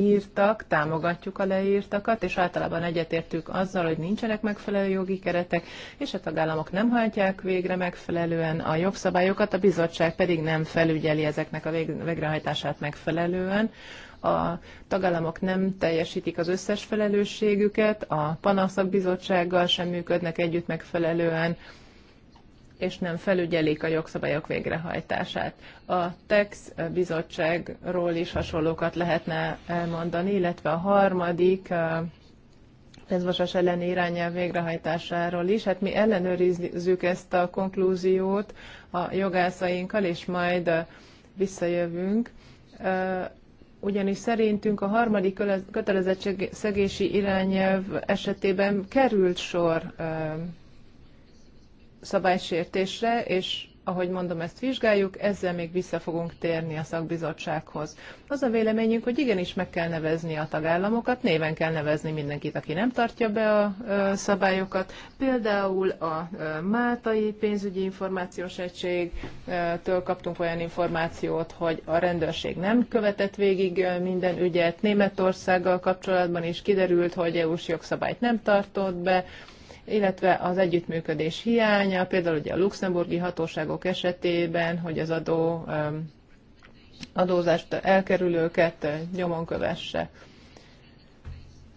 írtak, támogatjuk a leírtakat, és általában egyetértünk azzal, hogy nincsenek megfelelő jogi keretek, és a tagállamok nem hajtják végre megfelelően a jogszabályokat, a bizottság pedig nem felügyeli ezeknek a végrehajtását megfelelően a tagállamok nem teljesítik az összes felelősségüket, a panaszok bizottsággal sem működnek együtt megfelelően, és nem felügyelik a jogszabályok végrehajtását. A TEX bizottságról is hasonlókat lehetne elmondani, illetve a harmadik pénzmosás eh, elleni irányelv végrehajtásáról is. Hát mi ellenőrizzük ezt a konklúziót a jogászainkkal, és majd eh, visszajövünk. Eh, ugyanis szerintünk a harmadik kötelezettségszegési irányelv esetében került sor szabálysértésre, és ahogy mondom, ezt vizsgáljuk, ezzel még vissza fogunk térni a szakbizottsághoz. Az a véleményünk, hogy igenis meg kell nevezni a tagállamokat, néven kell nevezni mindenkit, aki nem tartja be a szabályokat. Például a Máltai pénzügyi információs egységtől kaptunk olyan információt, hogy a rendőrség nem követett végig minden ügyet. Németországgal kapcsolatban is kiderült, hogy EU-s jogszabályt nem tartott be illetve az együttműködés hiánya, például ugye a luxemburgi hatóságok esetében, hogy az adó um, adózást elkerülőket uh, nyomon kövesse.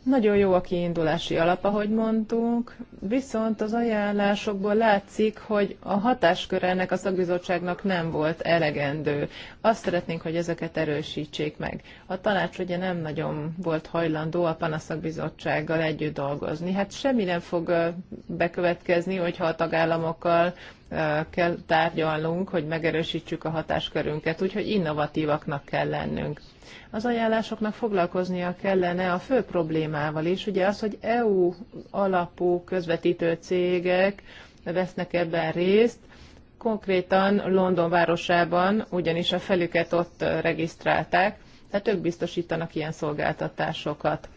Nagyon jó a kiindulási alap, ahogy mondtunk, viszont az ajánlásokból látszik, hogy a hatáskör ennek a szakbizottságnak nem volt elegendő. Azt szeretnénk, hogy ezeket erősítsék meg. A tanács ugye nem nagyon volt hajlandó a panaszakbizottsággal együtt dolgozni. Hát semmi nem fog bekövetkezni, hogyha a tagállamokkal kell tárgyalnunk, hogy megerősítsük a hatáskörünket, úgyhogy innovatívaknak kell lennünk. Az ajánlásoknak foglalkoznia kellene a fő problémával is, ugye az, hogy EU alapú közvetítő cégek vesznek ebben részt, konkrétan London városában, ugyanis a felüket ott regisztrálták, tehát ők biztosítanak ilyen szolgáltatásokat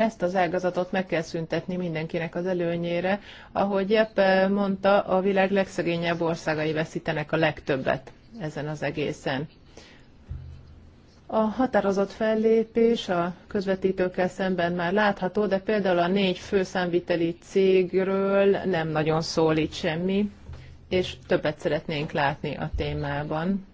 ezt az ágazatot meg kell szüntetni mindenkinek az előnyére. Ahogy Jepp eh, mondta, a világ legszegényebb országai veszítenek a legtöbbet ezen az egészen. A határozott fellépés a közvetítőkkel szemben már látható, de például a négy főszámviteli cégről nem nagyon szólít semmi, és többet szeretnénk látni a témában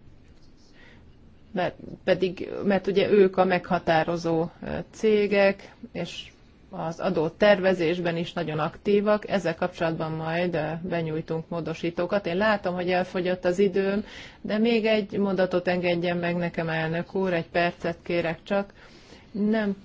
mert, pedig, mert ugye ők a meghatározó cégek, és az adó tervezésben is nagyon aktívak. Ezzel kapcsolatban majd benyújtunk módosítókat. Én látom, hogy elfogyott az időm, de még egy mondatot engedjen meg nekem, elnök úr, egy percet kérek csak. Nem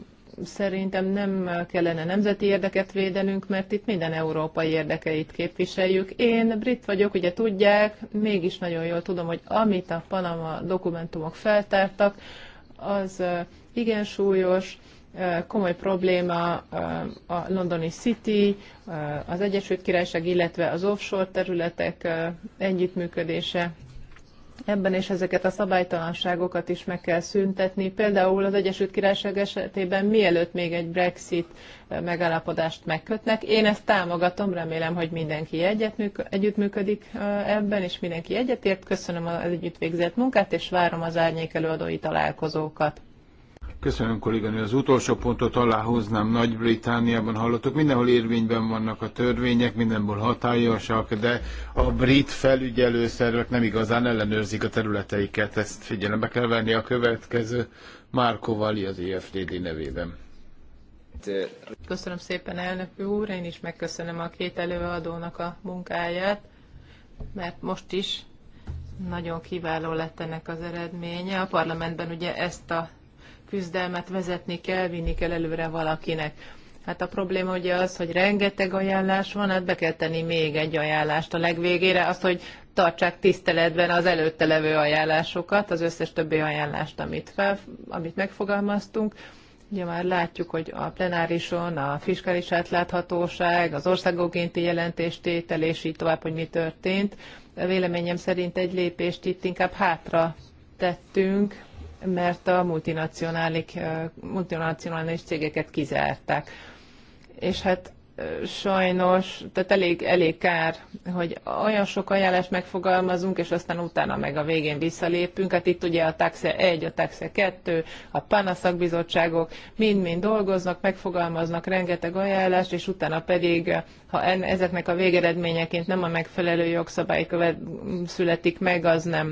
szerintem nem kellene nemzeti érdeket védenünk, mert itt minden európai érdekeit képviseljük. Én brit vagyok, ugye tudják, mégis nagyon jól tudom, hogy amit a Panama dokumentumok feltártak, az igen súlyos, komoly probléma a londoni City, az Egyesült Királyság, illetve az offshore területek együttműködése ebben és ezeket a szabálytalanságokat is meg kell szüntetni. Például az Egyesült Királyság esetében mielőtt még egy Brexit eh, megállapodást megkötnek. Én ezt támogatom, remélem, hogy mindenki együttműködik eh, ebben, és mindenki egyetért. Köszönöm az együtt végzett munkát, és várom az árnyék előadói találkozókat.
Köszönöm, kolléganő. Az utolsó pontot aláhoznám. Nagy-Britániában hallottuk, mindenhol érvényben vannak a törvények, mindenhol hatályosak, de a brit felügyelőszervek nem igazán ellenőrzik a területeiket. Ezt figyelembe kell venni a következő. Márko Vali az EFDD nevében.
Köszönöm szépen, elnök úr. Én is megköszönöm a két előadónak a munkáját, mert most is nagyon kiváló lett ennek az eredménye. A parlamentben ugye ezt a küzdelmet vezetni kell, vinni kell előre valakinek. Hát a probléma ugye az, hogy rengeteg ajánlás van, hát be kell tenni még egy ajánlást a legvégére, az, hogy tartsák tiszteletben az előtte levő ajánlásokat, az összes többi ajánlást, amit, fel, amit megfogalmaztunk. Ugye már látjuk, hogy a plenárison a fiskális átláthatóság, az országogénti jelentéstétel és így tovább, hogy mi történt. Véleményem szerint egy lépést itt inkább hátra tettünk, mert a multinacionális cégeket kizárták. És hát sajnos, tehát elég, elég kár, hogy olyan sok ajánlást megfogalmazunk, és aztán utána meg a végén visszalépünk. Hát itt ugye a taxe 1, a taxe 2, a PANA szakbizottságok mind-mind dolgoznak, megfogalmaznak rengeteg ajánlást, és utána pedig, ha en, ezeknek a végeredményeként nem a megfelelő jogszabály követ, születik meg, az nem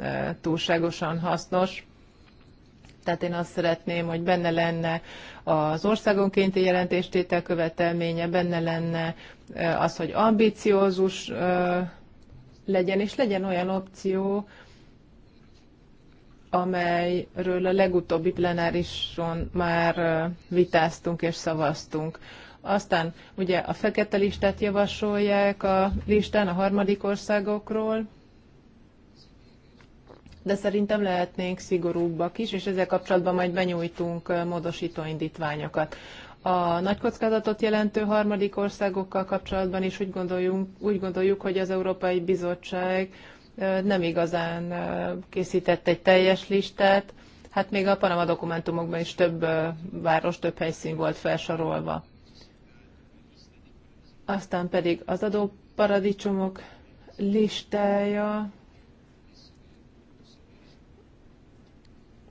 e, túlságosan hasznos tehát én azt szeretném, hogy benne lenne az országonkénti jelentéstétel követelménye, benne lenne az, hogy ambiciózus legyen, és legyen olyan opció, amelyről a legutóbbi plenárison már vitáztunk és szavaztunk. Aztán ugye a fekete listát javasolják a listán a harmadik országokról, de szerintem lehetnénk szigorúbbak is, és ezzel kapcsolatban majd benyújtunk módosító indítványokat. A nagy kockázatot jelentő harmadik országokkal kapcsolatban is úgy, úgy gondoljuk, hogy az Európai Bizottság nem igazán készített egy teljes listát, hát még a Panama dokumentumokban is több város, több helyszín volt felsorolva. Aztán pedig az adóparadicsomok listája,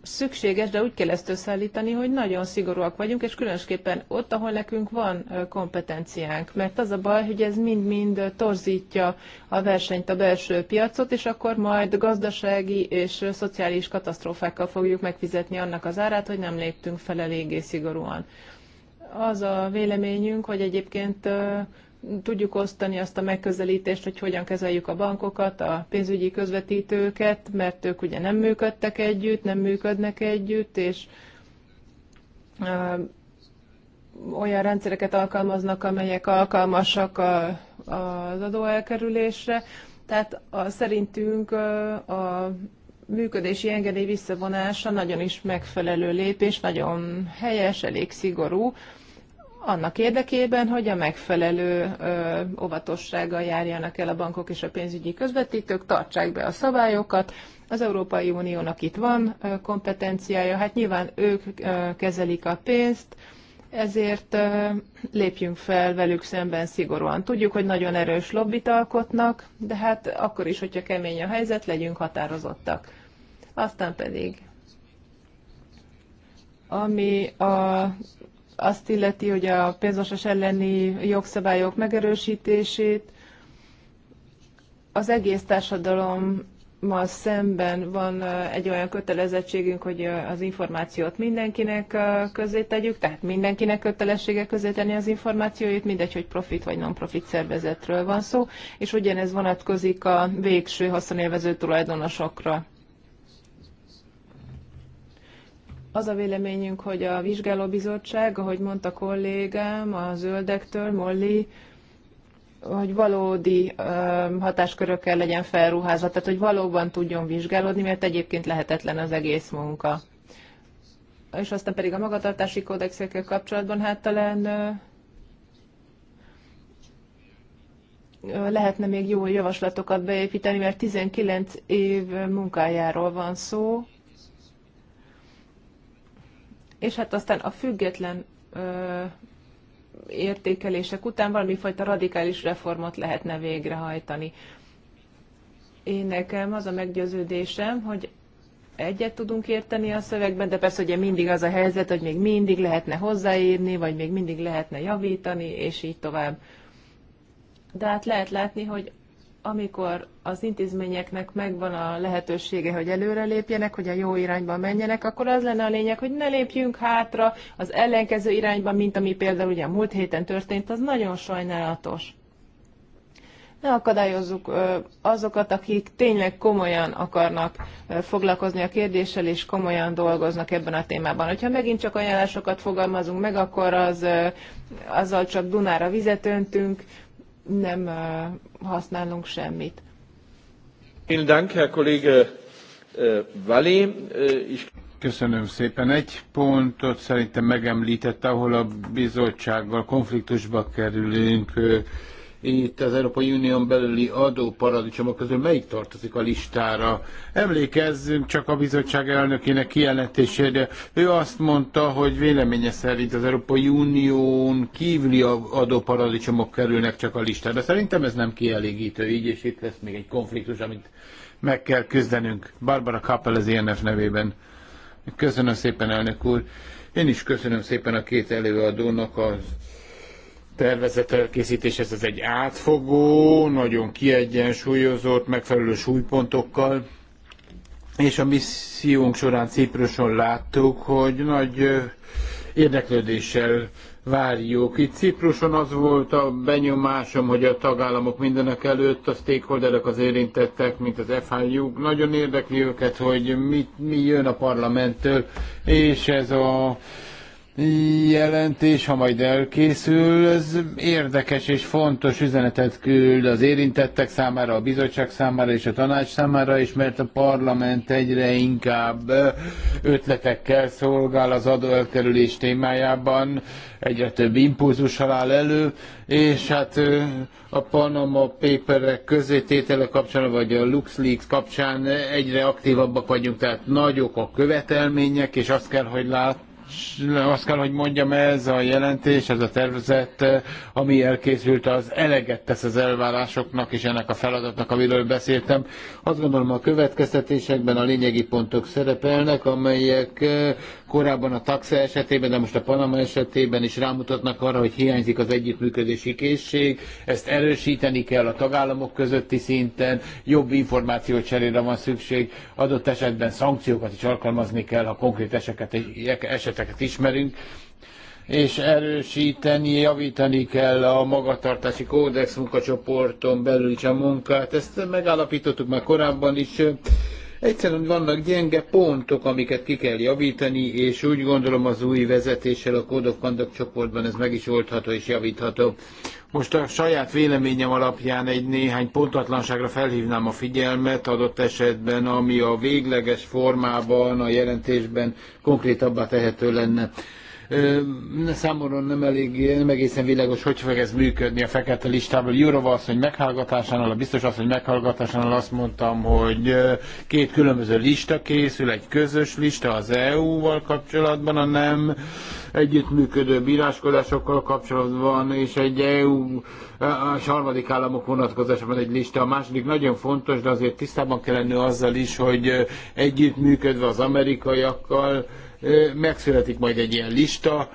szükséges, de úgy kell ezt összeállítani, hogy nagyon szigorúak vagyunk, és különösképpen ott, ahol nekünk van kompetenciánk. Mert az a baj, hogy ez mind-mind torzítja a versenyt, a belső piacot, és akkor majd gazdasági és szociális katasztrófákkal fogjuk megfizetni annak az árát, hogy nem léptünk fel eléggé szigorúan. Az a véleményünk, hogy egyébként tudjuk osztani azt a megközelítést, hogy hogyan kezeljük a bankokat, a pénzügyi közvetítőket, mert ők ugye nem működtek együtt, nem működnek együtt, és olyan rendszereket alkalmaznak, amelyek alkalmasak a, az adóelkerülésre. Tehát a, szerintünk a működési engedély visszavonása nagyon is megfelelő lépés, nagyon helyes, elég szigorú, annak érdekében, hogy a megfelelő ö, óvatossággal járjanak el a bankok és a pénzügyi közvetítők, tartsák be a szabályokat. Az Európai Uniónak itt van ö, kompetenciája, hát nyilván ők ö, kezelik a pénzt, ezért ö, lépjünk fel velük szemben szigorúan. Tudjuk, hogy nagyon erős lobbit alkotnak, de hát akkor is, hogyha kemény a helyzet, legyünk határozottak. Aztán pedig ami a azt illeti, hogy a pénzmosás elleni jogszabályok megerősítését, az egész társadalom ma szemben van egy olyan kötelezettségünk, hogy az információt mindenkinek közé tegyük, tehát mindenkinek kötelessége közé tenni az információit, mindegy, hogy profit vagy non-profit szervezetről van szó, és ugyanez vonatkozik a végső haszonélvező tulajdonosokra Az a véleményünk, hogy a vizsgálóbizottság, ahogy mondta kollégám, a zöldektől, Molly, hogy valódi ö, hatáskörökkel legyen felruházva, tehát hogy valóban tudjon vizsgálódni, mert egyébként lehetetlen az egész munka. És aztán pedig a magatartási kódexekkel kapcsolatban hát talán ö, lehetne még jó javaslatokat beépíteni, mert 19 év munkájáról van szó, és hát aztán a független ö, értékelések után valami fajta radikális reformot lehetne végrehajtani. Én nekem az a meggyőződésem, hogy egyet tudunk érteni a szövegben, de persze ugye mindig az a helyzet, hogy még mindig lehetne hozzáírni, vagy még mindig lehetne javítani, és így tovább. De hát lehet látni, hogy amikor az intézményeknek megvan a lehetősége, hogy előrelépjenek, hogy a jó irányba menjenek, akkor az lenne a lényeg, hogy ne lépjünk hátra az ellenkező irányba, mint ami például ugye a múlt héten történt, az nagyon sajnálatos. Ne akadályozzuk azokat, akik tényleg komolyan akarnak foglalkozni a kérdéssel, és komolyan dolgoznak ebben a témában. Hogyha megint csak ajánlásokat fogalmazunk meg, akkor az, azzal csak Dunára vizet öntünk, nem használunk semmit.
Äh, äh, Köszönöm szépen. Egy pontot szerintem megemlítette, ahol a bizottsággal konfliktusba kerülünk itt az Európai Unión belüli adóparadicsomok közül melyik tartozik a listára. Emlékezzünk csak a bizottság elnökének kijelentésére. Ő azt mondta, hogy véleménye szerint az Európai Unión kívüli adóparadicsomok kerülnek csak a listára. Szerintem ez nem kielégítő így, és itt lesz még egy konfliktus, amit meg kell küzdenünk. Barbara Kappel az INF e nevében. Köszönöm szépen, elnök úr. Én is köszönöm szépen a két előadónak az tervezet elkészítéshez. Ez egy átfogó, nagyon kiegyensúlyozott, megfelelő súlypontokkal, és a missziónk során Cipruson láttuk, hogy nagy érdeklődéssel várjuk. Itt Cipruson az volt a benyomásom, hogy a tagállamok mindenek előtt, a stakeholderek az érintettek, mint az FHU, nagyon érdekli őket, hogy mit, mi jön a parlamenttől, és ez a jelentés, ha majd elkészül, ez érdekes és fontos üzenetet küld az érintettek számára, a bizottság számára és a tanács számára is, mert a parlament egyre inkább ötletekkel szolgál az adóelkerülés témájában, egyre több impulzussal áll elő, és hát a Panama paperek közététele kapcsán, vagy a LuxLeaks kapcsán egyre aktívabbak vagyunk, tehát nagyok a követelmények, és azt kell, hogy lát, azt kell, hogy mondjam, ez a jelentés, ez a tervezet, ami elkészült, az eleget tesz az elvárásoknak és ennek a feladatnak, amiről beszéltem. Azt gondolom a következtetésekben a lényegi pontok szerepelnek, amelyek korábban a taxa esetében, de most a Panama esetében is rámutatnak arra, hogy hiányzik az együttműködési készség, ezt erősíteni kell a tagállamok közötti szinten, jobb információ cserére van szükség, adott esetben szankciókat is alkalmazni kell, ha konkrét eseteket, eseteket ismerünk, és erősíteni, javítani kell a magatartási kódex munkacsoporton belül is a munkát. Ezt megállapítottuk már korábban is, Egyszerűen vannak gyenge pontok, amiket ki kell javítani, és úgy gondolom az új vezetéssel a Code of Conduct csoportban ez meg is oldható és javítható. Most a saját véleményem alapján egy néhány pontatlanságra felhívnám a figyelmet adott esetben, ami a végleges formában, a jelentésben konkrétabbá tehető lenne. Számomra nem elég, nem egészen világos, hogy fog ez működni a fekete listából. Jurova az, hogy meghallgatásánál, a biztos az, hogy meghallgatásánál azt mondtam, hogy két különböző lista készül, egy közös lista az EU-val kapcsolatban, a nem együttműködő bíráskodásokkal kapcsolatban, és egy EU a harmadik államok vonatkozásában egy lista. A második nagyon fontos, de azért tisztában kell lenni azzal is, hogy együttműködve az amerikaiakkal, megszületik majd egy ilyen lista,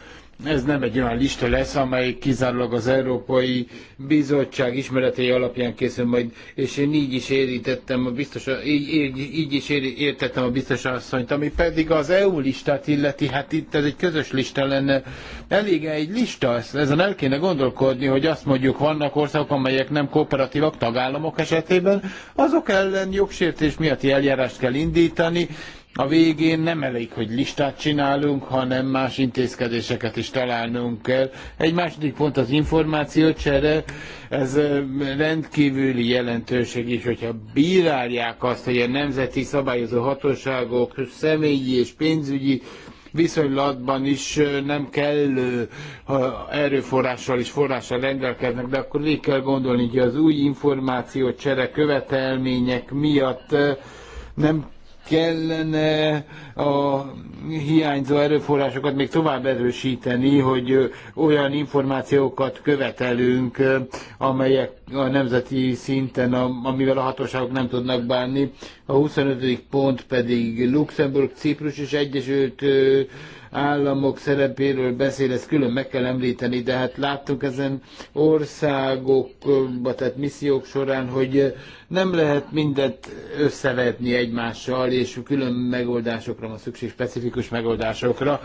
ez nem egy olyan lista lesz, amely kizárólag az Európai Bizottság ismeretei alapján készül majd, és én így is érítettem a biztos, így, így, így is értettem a biztos asszonyt, ami pedig az EU listát illeti, hát itt ez egy közös lista lenne. Elég egy lista, ezen el kéne gondolkodni, hogy azt mondjuk vannak országok, amelyek nem kooperatívak tagállamok esetében, azok ellen jogsértés miatti eljárást kell indítani, a végén nem elég, hogy listát csinálunk, hanem más intézkedéseket is találnunk kell. Egy második pont az információcsere, ez rendkívüli jelentőség is, hogyha bírálják azt, hogy a nemzeti szabályozó hatóságok személyi és pénzügyi viszonylatban is nem kellő erőforrással és forrással rendelkeznek, de akkor végig kell gondolni, hogy az új információcsere követelmények miatt nem kellene a hiányzó erőforrásokat még tovább erősíteni, hogy olyan információkat követelünk, amelyek a nemzeti szinten, amivel a hatóságok nem tudnak bánni. A 25. pont pedig Luxemburg, Ciprus és Egyesült államok szerepéről beszél, ezt külön meg kell említeni, de hát láttuk ezen országokba, tehát missziók során, hogy nem lehet mindent összevetni egymással, és külön megoldásokra van szükség, specifikus megoldásokra.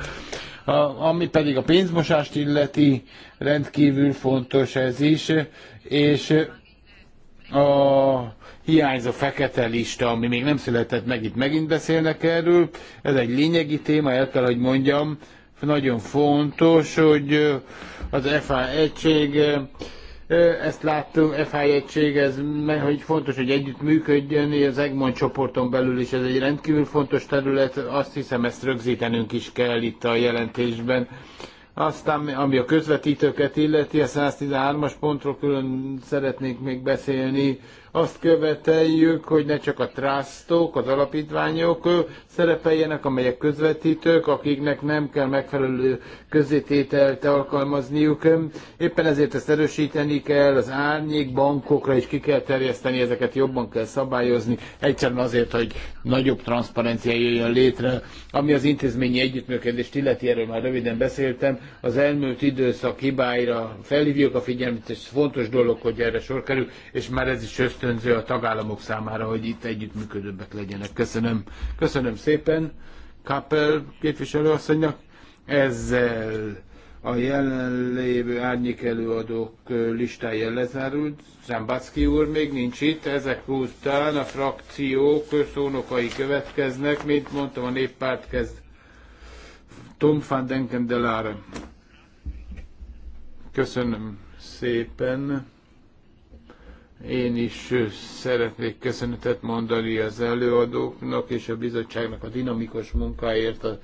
A, ami pedig a pénzmosást illeti, rendkívül fontos ez is, és a hiányzó fekete lista, ami még nem született meg, itt megint beszélnek erről. Ez egy lényegi téma, el kell, hogy mondjam. Nagyon fontos, hogy az FA egység ezt láttunk, FA egység, ez, hogy fontos, hogy együtt működjön, az Egmont csoporton belül is ez egy rendkívül fontos terület, azt hiszem ezt rögzítenünk is kell itt a jelentésben. Aztán, ami a közvetítőket illeti, a 113-as pontról külön szeretnék még beszélni, azt követeljük, hogy ne csak a trásztók, az alapítványok szerepeljenek, amelyek közvetítők, akiknek nem kell megfelelő közétételt alkalmazniuk. Éppen ezért ezt erősíteni kell, az árnyék bankokra is ki kell terjeszteni, ezeket jobban kell szabályozni, egyszerűen azért, hogy nagyobb transzparencia jöjjön létre. Ami az intézményi együttműködést illeti, erről már röviden beszéltem, az elmúlt időszak hibáira felhívjuk a figyelmet, és fontos dolog, hogy erre sor kerül, és már ez is ösztön ösztönző a tagállamok számára, hogy itt együttműködőbbek legyenek. Köszönöm. Köszönöm szépen Kappel képviselőasszonynak. Ezzel a jelenlévő árnyék előadók listája lezárult. Zsambacki úr még nincs itt, ezek után a frakciók szónokai következnek, mint mondtam, a néppárt kezd Tom van Denken de Köszönöm szépen. Én is szeretnék köszönetet mondani az előadóknak és a bizottságnak a dinamikus munkáért, a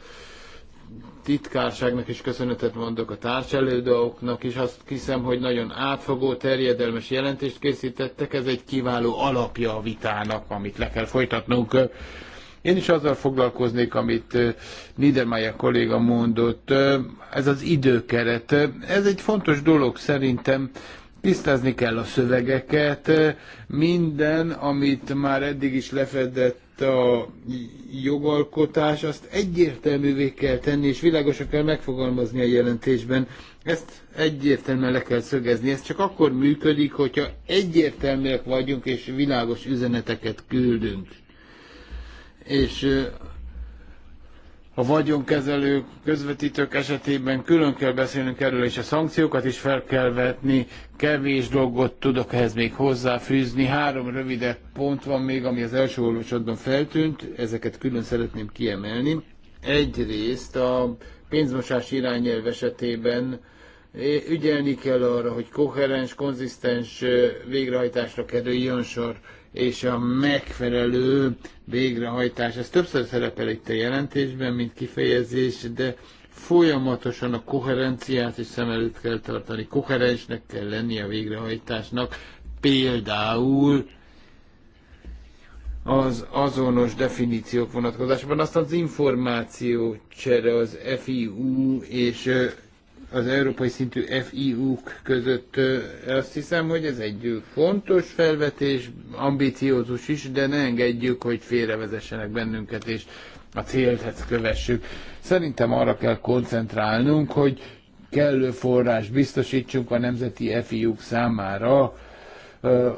titkárságnak is köszönetet mondok a társelődóknak, és azt hiszem, hogy nagyon átfogó, terjedelmes jelentést készítettek. Ez egy kiváló alapja a vitának, amit le kell folytatnunk. Én is azzal foglalkoznék, amit eh, Niedermayer kolléga mondott. Eh, ez az időkeret. Eh, ez egy fontos dolog szerintem, Tisztázni kell a szövegeket, minden, amit már eddig is lefedett a jogalkotás, azt egyértelművé kell tenni, és világosan kell megfogalmazni a jelentésben. Ezt egyértelműen le kell szögezni. Ez csak akkor működik, hogyha egyértelműek vagyunk, és világos üzeneteket küldünk. És a vagyonkezelők, közvetítők esetében külön kell beszélnünk erről, és a szankciókat is fel kell vetni. Kevés dolgot tudok ehhez még hozzáfűzni. Három rövide pont van még, ami az első olvasatban feltűnt, ezeket külön szeretném kiemelni. Egyrészt a pénzmosás irányelv esetében ügyelni kell arra, hogy koherens, konzisztens végrehajtásra kerüljön sor, és a megfelelő végrehajtás. Ez többször szerepel itt a jelentésben, mint kifejezés, de folyamatosan a koherenciát is szem előtt kell tartani. Koherensnek kell lenni a végrehajtásnak. Például az azonos definíciók vonatkozásában, aztán az információ csere az FIU és az európai szintű FIU-k között. Azt hiszem, hogy ez egy fontos felvetés, ambiciózus is, de ne engedjük, hogy félrevezessenek bennünket, és a célhez hát kövessük. Szerintem arra kell koncentrálnunk, hogy kellő forrás biztosítsunk a nemzeti FIU-k számára,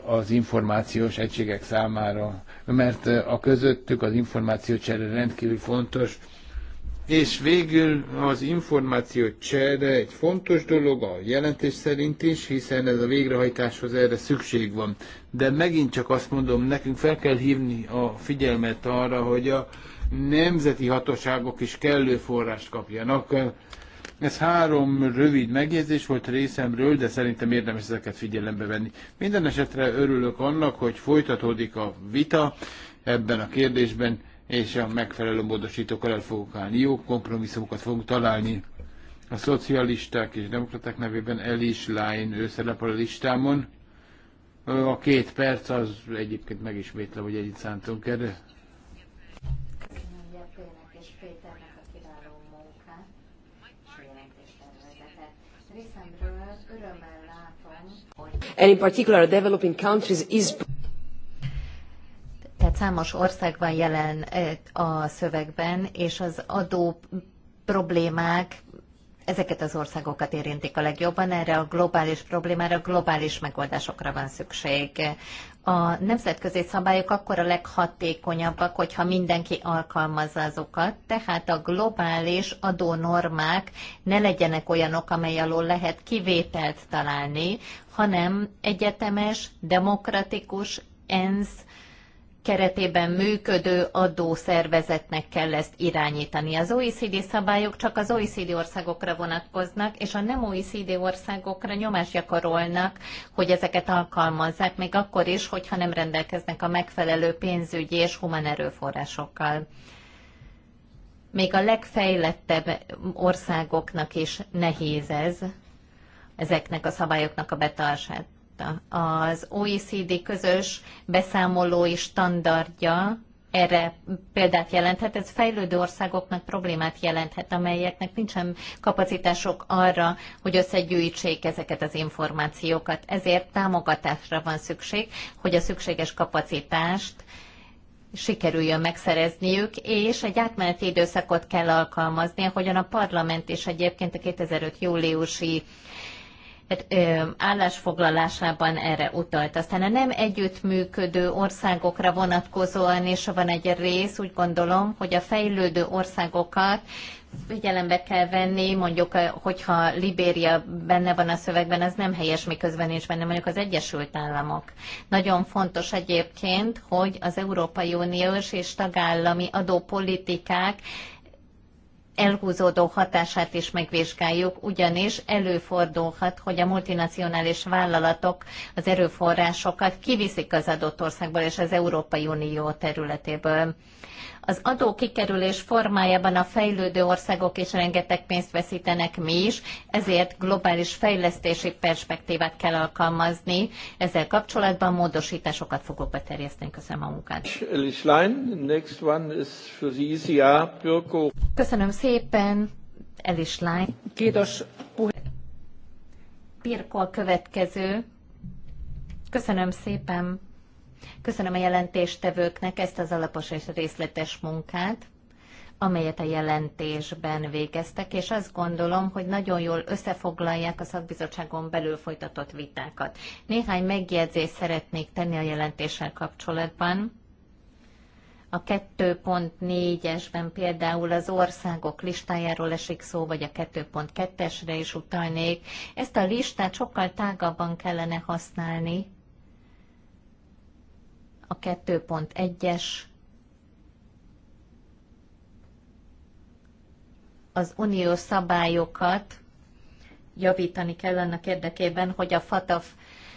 az információs egységek számára, mert a közöttük az információcsere rendkívül fontos és végül az információ csere egy fontos dolog a jelentés szerint is, hiszen ez a végrehajtáshoz erre szükség van. De megint csak azt mondom, nekünk fel kell hívni a figyelmet arra, hogy a nemzeti hatóságok is kellő forrást kapjanak. Ez három rövid megjegyzés volt részemről, de szerintem érdemes ezeket figyelembe venni. Minden esetre örülök annak, hogy folytatódik a vita ebben a kérdésben és a megfelelő módosítókkal el fogok állni. Jó kompromisszumokat fogunk találni. A szocialisták és demokraták nevében Elis Line ő szerepel a listámon. A két perc az egyébként megismétlem, hogy egyet szántunk erre. Köszönöm
és Péternek a kiváló munkát és jelentéstervezetet. Részemről örömmel látom, hogy... And in particular, developing countries is tehát számos országban jelen a szövegben, és az adó problémák ezeket az országokat érintik a legjobban, erre a globális problémára globális megoldásokra van szükség. A nemzetközi szabályok akkor a leghatékonyabbak, hogyha mindenki alkalmazza azokat, tehát a globális adónormák ne legyenek olyanok, amely alól lehet kivételt találni, hanem egyetemes, demokratikus ENSZ keretében működő adószervezetnek kell ezt irányítani. Az OECD szabályok csak az OECD országokra vonatkoznak, és a nem OECD országokra nyomást gyakorolnak, hogy ezeket alkalmazzák, még akkor is, hogyha nem rendelkeznek a megfelelő pénzügyi és human erőforrásokkal. Még a legfejlettebb országoknak is nehéz ez, ezeknek a szabályoknak a betartását az OECD közös beszámolói standardja erre példát jelenthet, ez fejlődő országoknak problémát jelenthet, amelyeknek nincsen kapacitások arra, hogy összegyűjtsék ezeket az információkat. Ezért támogatásra van szükség, hogy a szükséges kapacitást sikerüljön megszerezniük, és egy átmeneti időszakot kell alkalmazni, ahogyan a parlament is egyébként a 2005. júliusi Hát, állásfoglalásában erre utalt. Aztán a nem együttműködő országokra vonatkozóan is van egy rész, úgy gondolom, hogy a fejlődő országokat figyelembe kell venni, mondjuk, hogyha Libéria benne van a szövegben, az nem helyes, miközben is benne mondjuk az Egyesült Államok. Nagyon fontos egyébként, hogy az Európai Uniós és tagállami adópolitikák elhúzódó hatását is megvizsgáljuk, ugyanis előfordulhat, hogy a multinacionális vállalatok az erőforrásokat kiviszik az adott országból és az Európai Unió területéből. Az adókikerülés formájában a fejlődő országok is rengeteg pénzt veszítenek mi is, ezért globális fejlesztési perspektívát kell alkalmazni. Ezzel kapcsolatban módosításokat fogok beterjeszteni. Köszönöm a munkát. Köszönöm szépen, Elis Lány. Kétos Pirkol következő. Köszönöm szépen. Köszönöm a jelentéstevőknek ezt az alapos és részletes munkát amelyet a jelentésben végeztek, és azt gondolom, hogy nagyon jól összefoglalják a szakbizottságon belül folytatott vitákat. Néhány megjegyzést szeretnék tenni a jelentéssel kapcsolatban. A 2.4-esben például az országok listájáról esik szó, vagy a 2.2-esre is utalnék. Ezt a listát sokkal tágabban kellene használni, a 2.1-es az uniós szabályokat javítani kell annak érdekében, hogy a FATF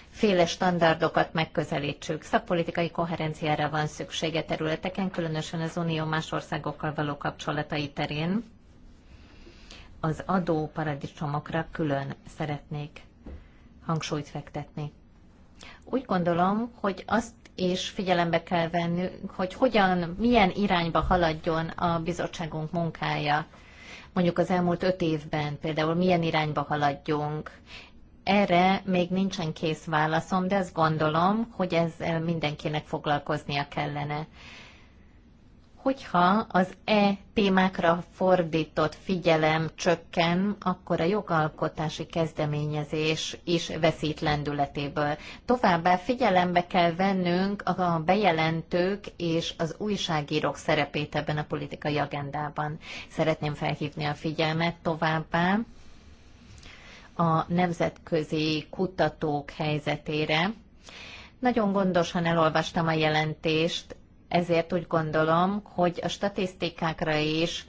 féle standardokat megközelítsük. Szakpolitikai koherenciára van szüksége területeken, különösen az unió más országokkal való kapcsolatai terén. Az adó paradicsomokra külön szeretnék hangsúlyt fektetni. Úgy gondolom, hogy azt és figyelembe kell vennünk, hogy hogyan, milyen irányba haladjon a bizottságunk munkája. Mondjuk az elmúlt öt évben például milyen irányba haladjunk. Erre még nincsen kész válaszom, de azt gondolom, hogy ezzel mindenkinek foglalkoznia kellene hogyha az e témákra fordított figyelem csökken, akkor a jogalkotási kezdeményezés is veszít lendületéből. Továbbá figyelembe kell vennünk a bejelentők és az újságírók szerepét ebben a politikai agendában. Szeretném felhívni a figyelmet továbbá a nemzetközi kutatók helyzetére. Nagyon gondosan elolvastam a jelentést, ezért úgy gondolom, hogy a statisztikákra is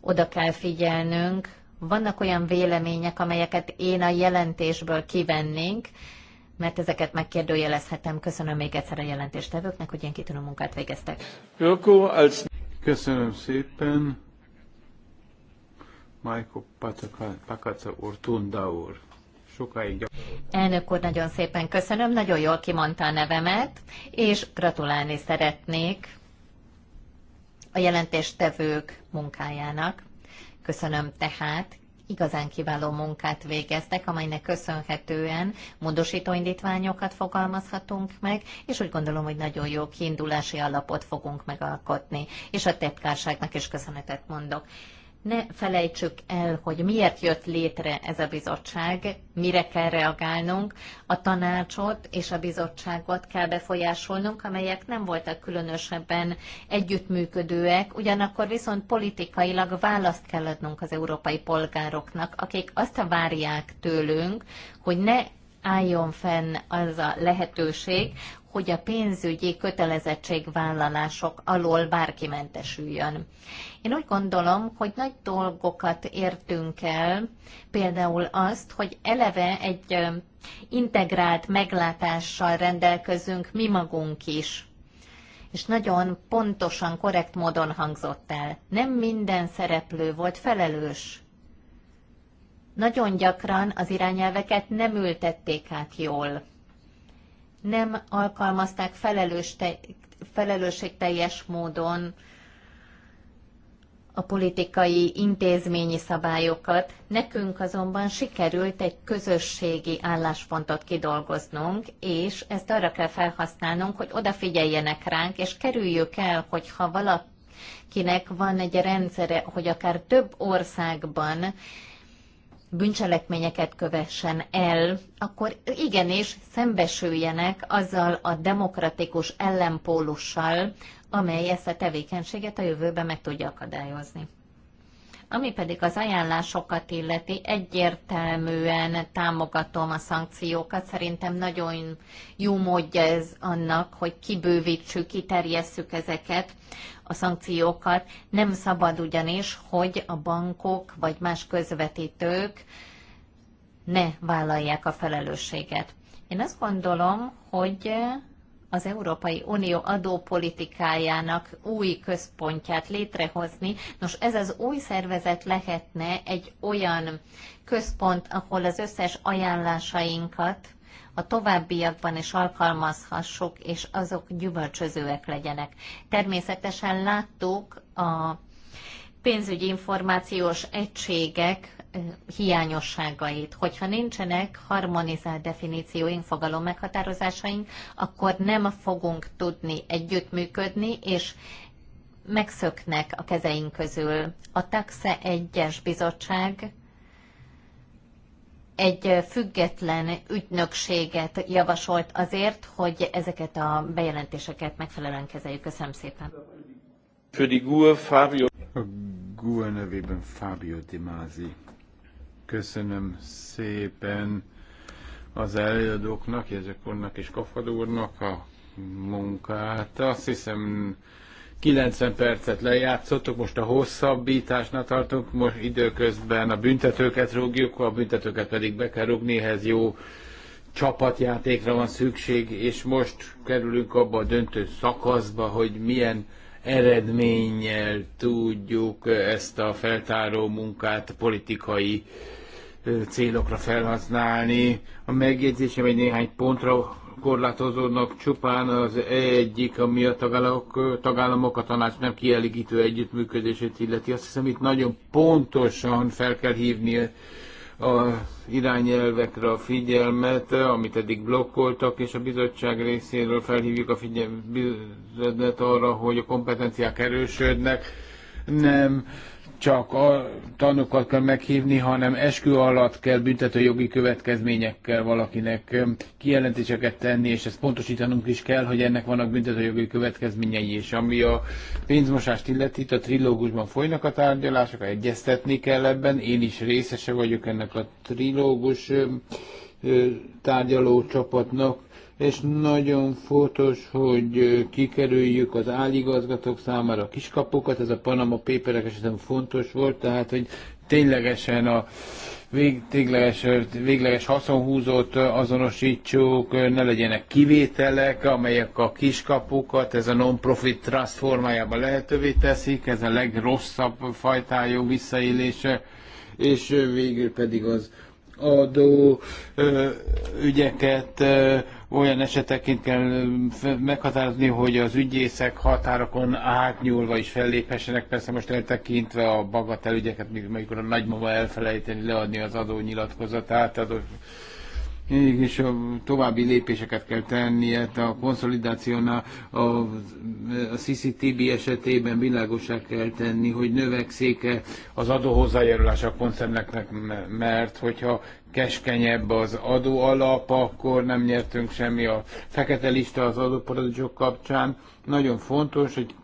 oda kell figyelnünk. Vannak olyan vélemények, amelyeket én a jelentésből kivennénk, mert ezeket megkérdőjelezhetem. Köszönöm még egyszer a jelentéstevőknek, hogy ilyen kitűnő munkát végeztek.
Köszönöm szépen. Michael Pakaca úr, Tunda úr sokáig
Elnök úr, nagyon szépen köszönöm, nagyon jól kimondta a nevemet, és gratulálni szeretnék a jelentéstevők munkájának. Köszönöm tehát, igazán kiváló munkát végeztek, amelynek köszönhetően módosító indítványokat fogalmazhatunk meg, és úgy gondolom, hogy nagyon jó kiindulási alapot fogunk megalkotni, és a tettkárságnak is köszönetet mondok ne felejtsük el, hogy miért jött létre ez a bizottság, mire kell reagálnunk, a tanácsot és a bizottságot kell befolyásolnunk, amelyek nem voltak különösebben együttműködőek, ugyanakkor viszont politikailag választ kell adnunk az európai polgároknak, akik azt várják tőlünk, hogy ne álljon fenn az a lehetőség, hogy a pénzügyi kötelezettségvállalások alól bárki mentesüljön. Én úgy gondolom, hogy nagy dolgokat értünk el, például azt, hogy eleve egy integrált meglátással rendelkezünk mi magunk is és nagyon pontosan, korrekt módon hangzott el. Nem minden szereplő volt felelős nagyon gyakran az irányelveket nem ültették át jól. Nem alkalmazták felelős te, felelősségteljes módon a politikai intézményi szabályokat. Nekünk azonban sikerült egy közösségi álláspontot kidolgoznunk, és ezt arra kell felhasználnunk, hogy odafigyeljenek ránk, és kerüljük el, hogyha valakinek van egy rendszere, hogy akár több országban bűncselekményeket kövessen el, akkor igenis szembesüljenek azzal a demokratikus ellenpólussal, amely ezt a tevékenységet a jövőben meg tudja akadályozni. Ami pedig az ajánlásokat illeti, egyértelműen támogatom a szankciókat. Szerintem nagyon jó módja ez annak, hogy kibővítsük, kiterjesszük ezeket a szankciókat. Nem szabad ugyanis, hogy a bankok vagy más közvetítők ne vállalják a felelősséget. Én azt gondolom, hogy az Európai Unió adópolitikájának új központját létrehozni. Nos, ez az új szervezet lehetne egy olyan központ, ahol az összes ajánlásainkat a továbbiakban is alkalmazhassuk, és azok gyümölcsözőek legyenek. Természetesen láttuk a pénzügyi információs egységek hiányosságait. Hogyha nincsenek harmonizált definícióink, fogalom meghatározásaink, akkor nem fogunk tudni együttműködni, és megszöknek a kezeink közül. A Taxe egyes bizottság egy független ügynökséget javasolt azért, hogy ezeket a bejelentéseket megfelelően kezeljük. Köszönöm szépen.
Für die GUE Fabio. A GUE nevében Fabio Dimázi. Köszönöm szépen az előadóknak, Jezsekornak és Kafadórnak a munkát. Azt hiszem 90 percet lejátszottuk, most a hosszabbításnál tartunk, most időközben a büntetőket rúgjuk, a büntetőket pedig be kell rúgni, ehhez jó csapatjátékra van szükség, és most kerülünk abba a döntő szakaszba, hogy milyen eredménnyel tudjuk ezt a feltáró munkát politikai célokra felhasználni. A megjegyzésem egy néhány pontra korlátozódnak csupán az egyik, ami a tagállamok, tagállamok a tanács nem kielégítő együttműködését illeti. Azt hiszem itt nagyon pontosan fel kell hívni a irányelvekre a figyelmet, amit eddig blokkoltak, és a bizottság részéről felhívjuk a figyelmet arra, hogy a kompetenciák erősödnek, nem csak a tanúkat kell meghívni, hanem eskü alatt kell büntető jogi következményekkel valakinek um, kijelentéseket tenni, és ezt pontosítanunk is kell, hogy ennek vannak büntető jogi következményei, és ami a pénzmosást illeti, itt a trilógusban folynak a tárgyalások, egyeztetni kell ebben, én is részese vagyok ennek a trilógus um, tárgyaló csapatnak, és nagyon fontos, hogy kikerüljük az áligazgatók számára a kiskapukat, ez a Panama Paperek esetben fontos volt, tehát hogy ténylegesen a vég, tényleges, végleges haszonhúzót azonosítsuk, ne legyenek kivételek, amelyek a kiskapukat, ez a non-profit trust formájában lehetővé teszik, ez a legrosszabb fajtájú visszaélése, és végül pedig az adó ügyeket olyan eseteként kell meghatározni, hogy az ügyészek határokon átnyúlva is felléphessenek, persze most eltekintve a bagatel ügyeket, mikor a nagymama elfelejteni leadni az adónyilatkozatát, adó mégis a további lépéseket kell tennie, hát a konszolidációnál a, a CCTB esetében világosá kell tenni, hogy növekszik-e az adó hozzájárulás a koncerneknek, mert hogyha keskenyebb az adó alap, akkor nem nyertünk semmi a fekete lista az adóparadicsok kapcsán. Nagyon fontos, hogy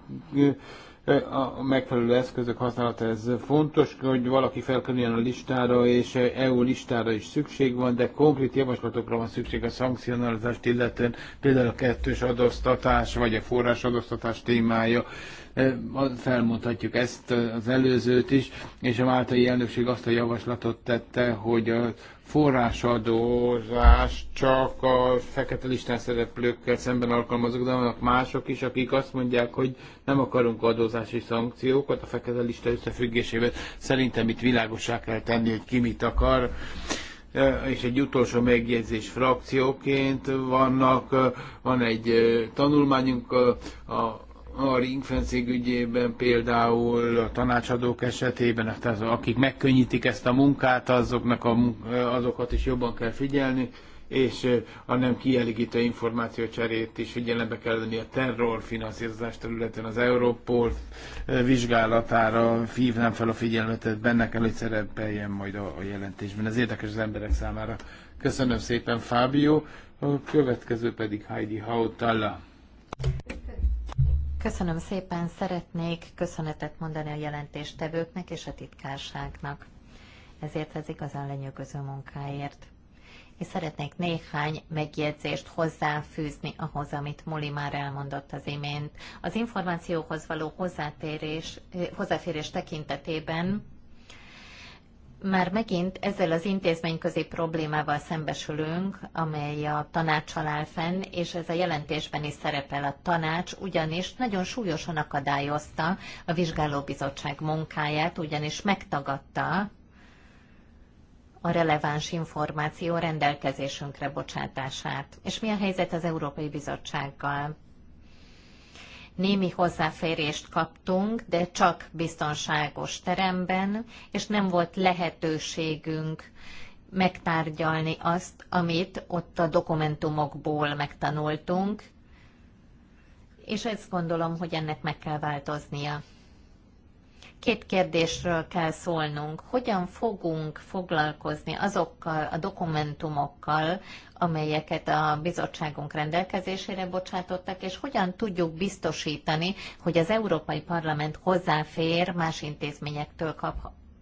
a megfelelő eszközök használata, ez fontos, hogy valaki felkerüljön a listára, és EU listára is szükség van, de konkrét javaslatokra van szükség a szankcionalizást, illetően például a kettős adóztatás, vagy a forrásadóztatás témája, felmondhatjuk ezt az előzőt is, és a Máltai elnökség azt a javaslatot tette, hogy a forrásadózás csak a fekete listán szereplőkkel szemben alkalmazok, de vannak mások is, akik azt mondják, hogy nem akarunk adózási szankciókat a fekete lista összefüggésével. Szerintem itt világosá kell tenni, hogy ki mit akar. És egy utolsó megjegyzés frakcióként vannak, van egy tanulmányunk a a ringfencing ügyében például a tanácsadók esetében, tehát akik megkönnyítik ezt a munkát, azoknak a, azokat is jobban kell figyelni, és a nem kielégítő információcserét is figyelembe kell venni a finanszírozás területen az Europol vizsgálatára hívnám fel a figyelmetet, benne kell, hogy szerepeljen majd a, a jelentésben. Ez érdekes az emberek számára. Köszönöm szépen, Fábio. A következő pedig Heidi Hautala.
Köszönöm szépen, szeretnék köszönetet mondani a jelentéstevőknek és a titkárságnak ezért az igazán lenyűgöző munkáért. És szeretnék néhány megjegyzést hozzáfűzni ahhoz, amit Moli már elmondott az imént. Az információhoz való eh, hozzáférés tekintetében már megint ezzel az intézményközi problémával szembesülünk, amely a tanács áll fenn, és ez a jelentésben is szerepel a tanács, ugyanis nagyon súlyosan akadályozta a vizsgálóbizottság munkáját, ugyanis megtagadta a releváns információ rendelkezésünkre bocsátását. És mi a helyzet az Európai Bizottsággal? Némi hozzáférést kaptunk, de csak biztonságos teremben, és nem volt lehetőségünk megtárgyalni azt, amit ott a dokumentumokból megtanultunk, és ezt gondolom, hogy ennek meg kell változnia. Két kérdésről kell szólnunk. Hogyan fogunk foglalkozni azokkal a dokumentumokkal, amelyeket a bizottságunk rendelkezésére bocsátottak, és hogyan tudjuk biztosítani, hogy az Európai Parlament hozzáfér más intézményektől kap,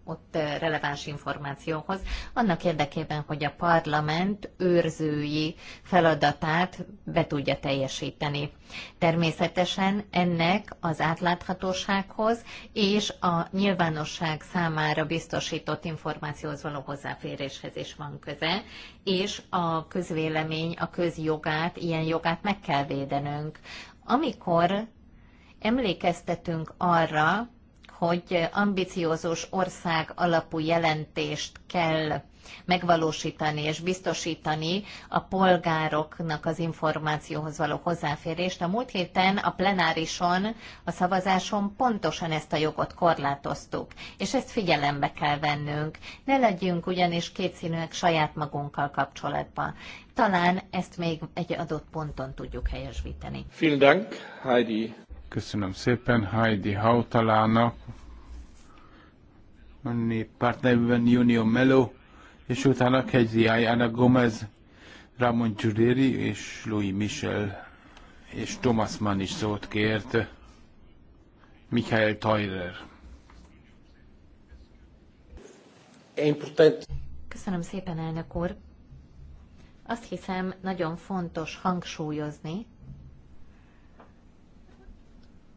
ott eh, releváns információhoz, annak érdekében, hogy a parlament őrzői feladatát be tudja teljesíteni. Természetesen ennek az átláthatósághoz és a nyilvánosság számára biztosított információhoz való hozzáféréshez is van köze, és a közvélemény, a közjogát, ilyen jogát meg kell védenünk. Amikor emlékeztetünk arra, hogy ambiciózus ország alapú jelentést kell megvalósítani és biztosítani a polgároknak az információhoz való hozzáférést. A múlt héten a plenárison, a szavazáson pontosan ezt a jogot korlátoztuk, és ezt figyelembe kell vennünk. Ne legyünk ugyanis kétszínűek saját magunkkal kapcsolatban. Talán ezt még egy adott ponton tudjuk helyesbíteni.
Vielen Dank, Heidi. Köszönöm szépen Heidi Hautalának, a néppárt nevűen Junior Melo, és utána Kezi Ayana Gomez, Ramon Giulieri és Louis Michel és Thomas Mann is szót kért. Michael Tyler.
Köszönöm szépen, elnök úr. Azt hiszem, nagyon fontos hangsúlyozni,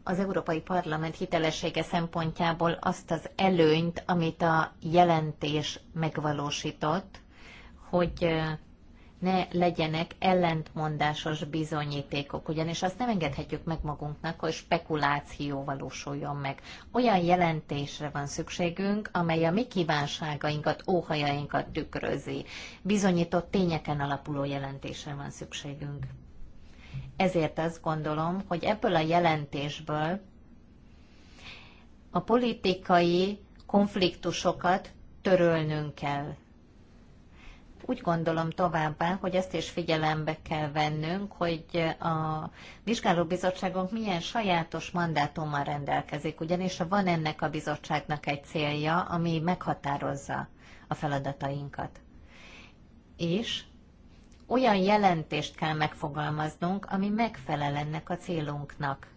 az Európai Parlament hitelessége szempontjából azt az előnyt, amit a jelentés megvalósított, hogy ne legyenek ellentmondásos bizonyítékok, ugyanis azt nem engedhetjük meg magunknak, hogy spekuláció valósuljon meg. Olyan jelentésre van szükségünk, amely a mi kívánságainkat, óhajainkat tükrözi. Bizonyított tényeken alapuló jelentésre van szükségünk. Ezért azt gondolom, hogy ebből a jelentésből a politikai konfliktusokat törölnünk kell. Úgy gondolom továbbá, hogy ezt is figyelembe kell vennünk, hogy a vizsgálóbizottságunk milyen sajátos mandátummal rendelkezik, ugyanis van ennek a bizottságnak egy célja, ami meghatározza a feladatainkat. És olyan jelentést kell megfogalmaznunk, ami megfelel ennek a célunknak.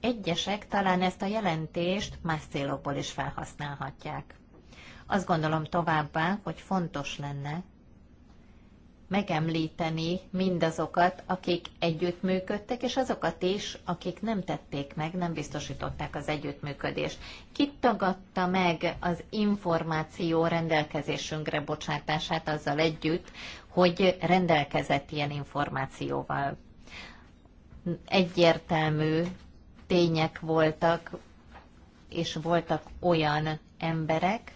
Egyesek talán ezt a jelentést más célokból is felhasználhatják. Azt gondolom továbbá, hogy fontos lenne, megemlíteni mindazokat, akik együttműködtek, és azokat is, akik nem tették meg, nem biztosították az együttműködést. Ki tagadta meg az információ rendelkezésünkre bocsátását azzal együtt, hogy rendelkezett ilyen információval? Egyértelmű tények voltak, és voltak olyan emberek,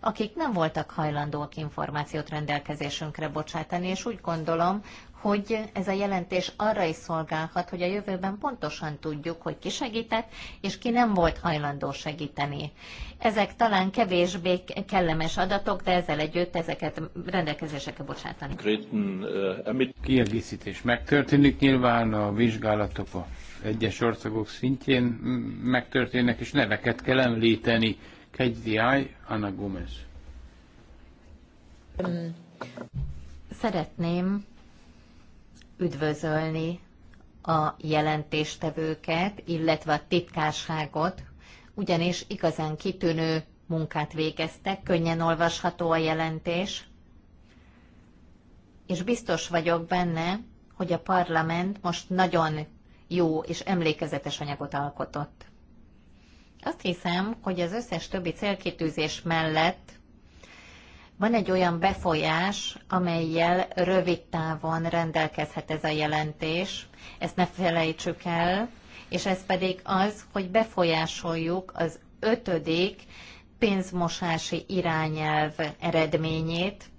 akik nem voltak hajlandóak információt rendelkezésünkre bocsátani, és úgy gondolom, hogy ez a jelentés arra is szolgálhat, hogy a jövőben pontosan tudjuk, hogy ki segített, és ki nem volt hajlandó segíteni. Ezek talán kevésbé kellemes adatok, de ezzel együtt ezeket rendelkezésekre bocsátani.
Uh, Kiegészítés megtörténik nyilván a vizsgálatok a egyes országok szintjén megtörténnek, és neveket kell említeni KDI, Anna Gomez.
Szeretném üdvözölni a jelentéstevőket, illetve a titkárságot, ugyanis igazán kitűnő munkát végeztek, könnyen olvasható a jelentés, és biztos vagyok benne, hogy a parlament most nagyon jó és emlékezetes anyagot alkotott. Azt hiszem, hogy az összes többi célkitűzés mellett van egy olyan befolyás, amelyel rövid távon rendelkezhet ez a jelentés. Ezt ne felejtsük el, és ez pedig az, hogy befolyásoljuk az ötödik pénzmosási irányelv eredményét,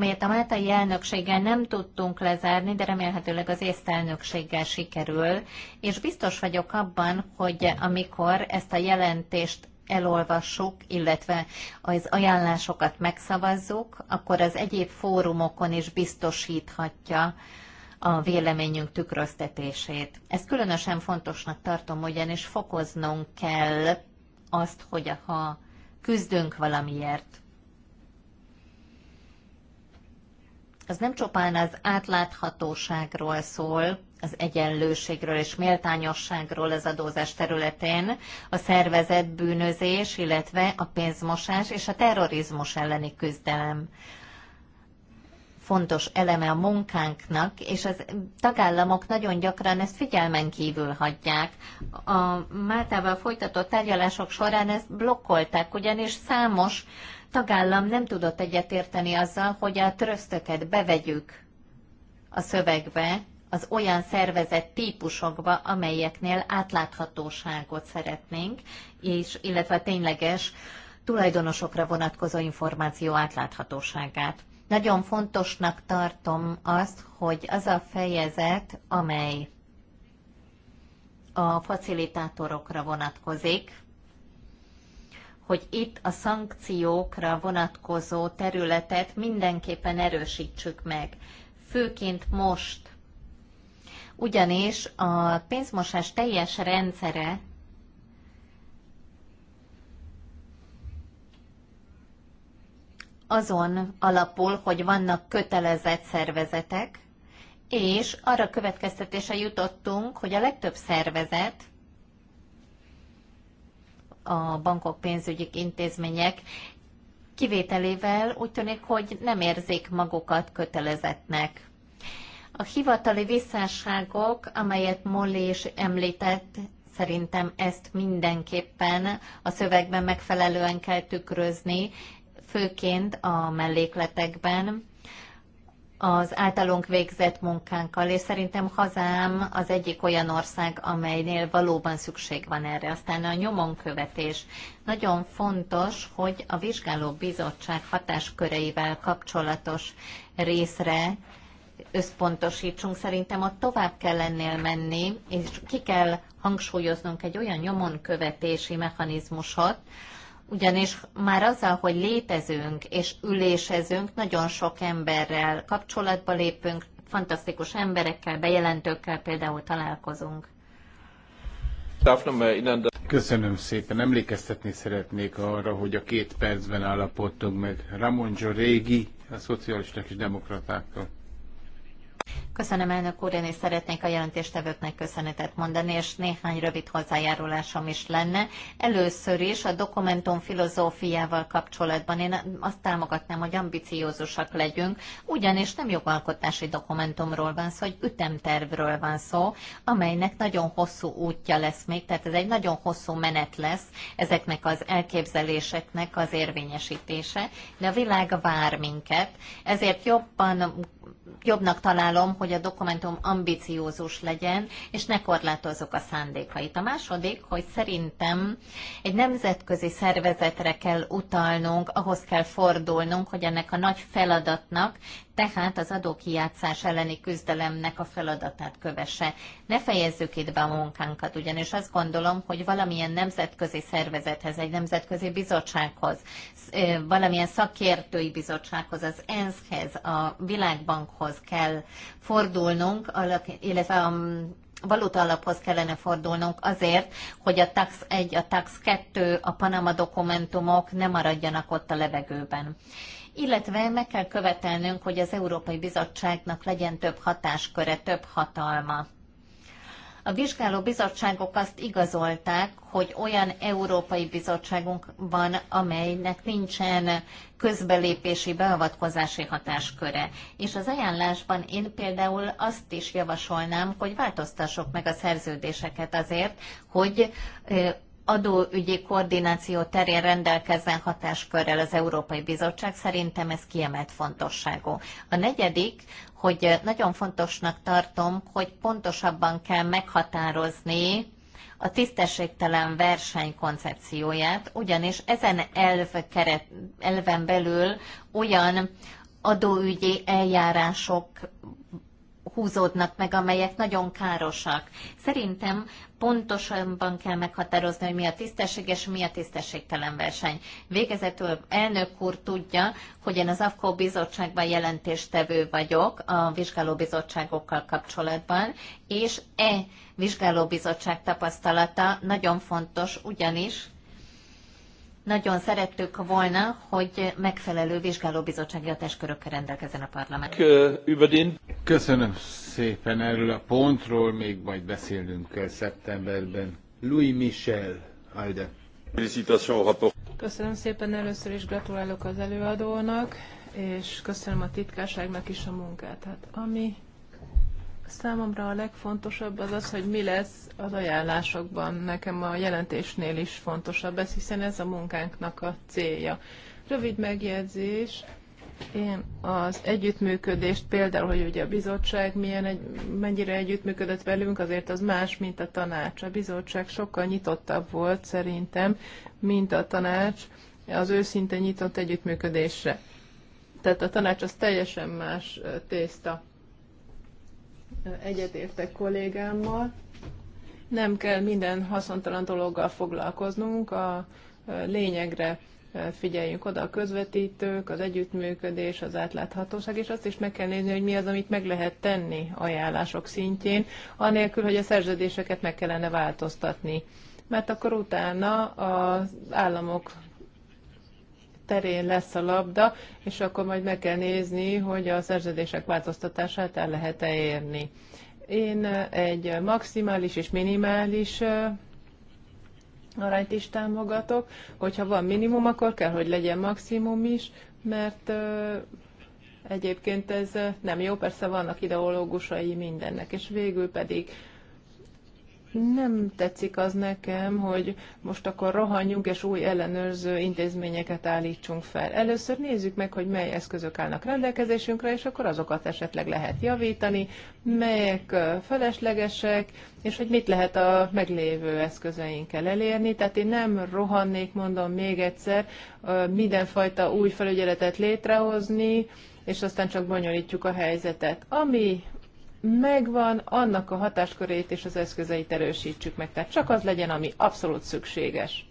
amelyet a Máltai elnökséggel nem tudtunk lezárni, de remélhetőleg az észt elnökséggel sikerül, és biztos vagyok abban, hogy amikor ezt a jelentést elolvassuk, illetve az ajánlásokat megszavazzuk, akkor az egyéb fórumokon is biztosíthatja a véleményünk tükröztetését. Ezt különösen fontosnak tartom, ugyanis fokoznunk kell azt, hogy ha küzdünk valamiért, az nem csupán az átláthatóságról szól, az egyenlőségről és méltányosságról az adózás területén, a szervezett bűnözés, illetve a pénzmosás és a terrorizmus elleni küzdelem fontos eleme a munkánknak, és az tagállamok nagyon gyakran ezt figyelmen kívül hagyják. A Máltával folytatott tárgyalások során ezt blokkolták, ugyanis számos uh, tagállam nem tudott egyetérteni azzal, hogy a trösztöket bevegyük a szövegbe, az olyan szervezet típusokba, amelyeknél átláthatóságot szeretnénk, és illetve a tényleges tulajdonosokra vonatkozó információ átláthatóságát. Nagyon fontosnak tartom azt, hogy az a fejezet, amely a facilitátorokra vonatkozik, hogy itt a szankciókra vonatkozó területet mindenképpen erősítsük meg. Főként most. Ugyanis a pénzmosás teljes rendszere azon alapul, hogy vannak kötelezett szervezetek, és arra következtetése jutottunk, hogy a legtöbb szervezet a bankok, pénzügyi intézmények kivételével úgy tűnik, hogy nem érzik magukat kötelezettnek. A hivatali visszásságok, amelyet Molly is említett, szerintem ezt mindenképpen a szövegben megfelelően kell tükrözni, főként a mellékletekben, az általunk végzett munkánkkal, és szerintem hazám az egyik olyan ország, amelynél valóban szükség van erre. Aztán a nyomonkövetés. Nagyon fontos, hogy a vizsgáló bizottság hatásköreivel kapcsolatos részre összpontosítsunk. Szerintem ott tovább kell ennél menni, és ki kell hangsúlyoznunk egy olyan nyomonkövetési mechanizmusot, ugyanis már azzal, hogy létezünk és ülésezünk, nagyon sok emberrel kapcsolatba lépünk, fantasztikus emberekkel, bejelentőkkel például találkozunk.
Köszönöm szépen. Emlékeztetni szeretnék arra, hogy a két percben állapodtunk meg Ramon Régi, a szocialisták és demokratákkal.
Köszönöm, elnök úr, én is szeretnék a jelentéstevőknek köszönetet mondani, és néhány rövid hozzájárulásom is lenne. Először is a dokumentum filozófiával kapcsolatban én azt támogatnám, hogy ambiciózusak legyünk, ugyanis nem jogalkotási dokumentumról van szó, hogy ütemtervről van szó, amelynek nagyon hosszú útja lesz még, tehát ez egy nagyon hosszú menet lesz ezeknek az elképzeléseknek az érvényesítése, de a világ vár minket, ezért jobban jobbnak találom, hogy a dokumentum ambiciózus legyen, és ne korlátozzuk a szándékait. A második, hogy szerintem egy nemzetközi szervezetre kell utalnunk, ahhoz kell fordulnunk, hogy ennek a nagy feladatnak tehát az adókijátszás elleni küzdelemnek a feladatát kövesse. Ne fejezzük itt be a munkánkat, ugyanis azt gondolom, hogy valamilyen nemzetközi szervezethez, egy nemzetközi bizottsághoz, valamilyen szakértői bizottsághoz, az ENSZ-hez, a Világbankhoz kell fordulnunk, illetve a valuta alaphoz kellene fordulnunk azért, hogy a tax 1, a tax 2, a Panama dokumentumok ne maradjanak ott a levegőben illetve meg kell követelnünk, hogy az Európai Bizottságnak legyen több hatásköre, több hatalma. A vizsgáló bizottságok azt igazolták, hogy olyan Európai Bizottságunk van, amelynek nincsen közbelépési, beavatkozási hatásköre. És az ajánlásban én például azt is javasolnám, hogy változtassuk meg a szerződéseket azért, hogy adóügyi koordináció terén rendelkezzen hatáskörrel az Európai Bizottság, szerintem ez kiemelt fontosságú. A negyedik, hogy nagyon fontosnak tartom, hogy pontosabban kell meghatározni a tisztességtelen verseny koncepcióját, ugyanis ezen elv keret, elven belül olyan adóügyi eljárások húzódnak meg, amelyek nagyon károsak. Szerintem pontosabban kell meghatározni, hogy mi a tisztességes, mi a tisztességtelen verseny. Végezetül elnök úr tudja, hogy én az AFKO bizottságban jelentéstevő vagyok a vizsgálóbizottságokkal kapcsolatban, és e vizsgálóbizottság tapasztalata nagyon fontos, ugyanis nagyon szerettük volna, hogy megfelelő vizsgálóbizottsági hatáskörökkel rendelkezzen a parlament.
Köszönöm szépen erről a pontról, még majd beszélnünk kell szeptemberben. Louis Michel, Alde.
Köszönöm szépen először is gratulálok az előadónak, és köszönöm a titkárságnak is a munkát. Hát, ami Számomra a legfontosabb az az, hogy mi lesz az ajánlásokban. Nekem a jelentésnél is fontosabb ez, hiszen ez a munkánknak a célja. Rövid megjegyzés. Én az együttműködést, például, hogy ugye a bizottság milyen egy, mennyire együttműködött velünk, azért az más, mint a tanács. A bizottság sokkal nyitottabb volt szerintem, mint a tanács az őszinte nyitott együttműködésre. Tehát a tanács az teljesen más tészta egyetértek kollégámmal. Nem kell minden haszontalan dologgal foglalkoznunk, a lényegre figyeljünk oda a közvetítők, az együttműködés, az átláthatóság, és azt is meg kell nézni, hogy mi az, amit meg lehet tenni ajánlások szintjén, anélkül, hogy a szerződéseket meg kellene változtatni. Mert akkor utána az államok terén lesz a labda, és akkor majd meg kell nézni, hogy a szerződések változtatását el lehet-e érni. Én egy maximális és minimális arányt is támogatok. Hogyha van minimum, akkor kell, hogy legyen maximum is, mert Egyébként ez nem jó, persze vannak ideológusai mindennek, és végül pedig nem tetszik az nekem, hogy most akkor rohanjunk és új ellenőrző intézményeket állítsunk fel. Először nézzük meg, hogy mely eszközök állnak rendelkezésünkre, és akkor azokat esetleg lehet javítani, melyek feleslegesek, és hogy mit lehet a meglévő eszközeinkkel elérni. Tehát én nem rohannék, mondom még egyszer, mindenfajta új felügyeletet létrehozni, és aztán csak bonyolítjuk a helyzetet. Ami megvan, annak a hatáskörét és az eszközeit erősítsük meg. Tehát csak az legyen, ami abszolút szükséges.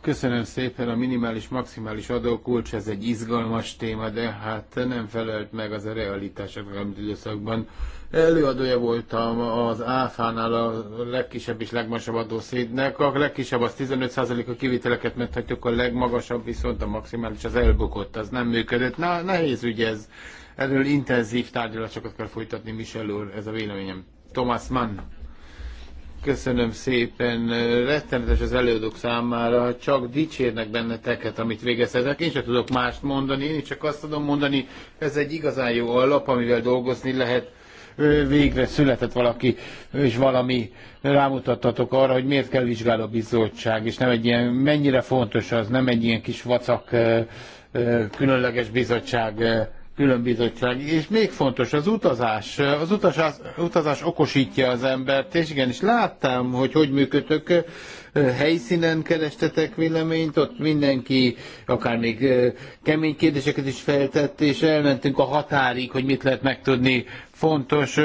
Köszönöm szépen, a minimális-maximális adókulcs, ez egy izgalmas téma, de hát nem felelt meg az a realitásoknak, amit időszakban előadója voltam az áfánál a legkisebb és legmagasabb adószédnek. A legkisebb az 15% a kivételeket menthetjük, a legmagasabb viszont a maximális az elbukott, az nem működött. Na, nehéz ügy ez. Erről intenzív tárgyalásokat kell folytatni, Michel úr, ez a véleményem. Thomas Mann. Köszönöm szépen. Rettenetes az előadók számára, csak dicsérnek benneteket, amit végeztetek. Én sem tudok mást mondani, én csak azt tudom mondani, ez egy igazán jó alap, amivel dolgozni lehet. Végre született valaki, és valami rámutattatok arra, hogy miért kell vizsgálni a bizottság, és nem egy ilyen, mennyire fontos az, nem egy ilyen kis vacak, különleges bizottság különbizottság. És még fontos, az utazás. Az utazás, utazás okosítja az embert, és és láttam, hogy hogy működtök. Helyszínen kerestetek véleményt, ott mindenki akár még kemény kérdéseket is feltett, és elmentünk a határig, hogy mit lehet megtudni. Fontos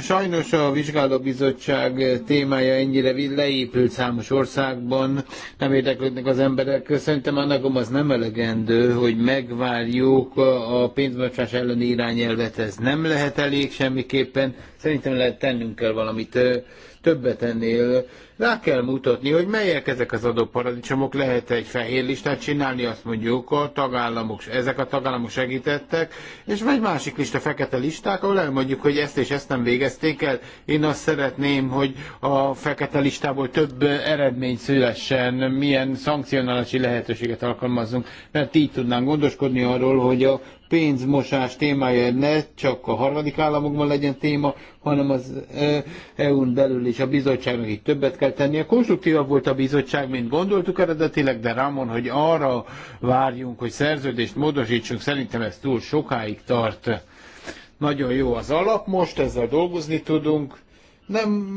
Sajnos a vizsgálóbizottság témája ennyire leépült számos országban, nem érdeklődnek az emberek. Szerintem annak az nem elegendő, hogy megvárjuk a pénzmocsás elleni irányelvet, ez nem lehet elég semmiképpen. Szerintem lehet tennünk kell valamit többet ennél. Rá kell mutatni, hogy melyek ezek az adóparadicsomok, lehet egy fehér listát csinálni, azt mondjuk a tagállamok, ezek a tagállamok segítettek, és vagy másik lista, fekete listák, ahol elmondjuk, hogy ezt és ezt nem végezték el. Én azt szeretném, hogy a fekete listából több eredmény szülessen, milyen szankcionálási lehetőséget alkalmazzunk, mert így tudnánk gondoskodni arról, hogy a pénzmosás témája ne csak a harmadik államokban legyen téma, hanem az EU-n belül is a bizottságnak itt többet kell tennie. Konstruktívabb volt a bizottság, mint gondoltuk eredetileg, de Ramon, hogy arra várjunk, hogy szerződést módosítsunk, szerintem ez túl sokáig tart. Nagyon jó az alap, most ezzel dolgozni tudunk nem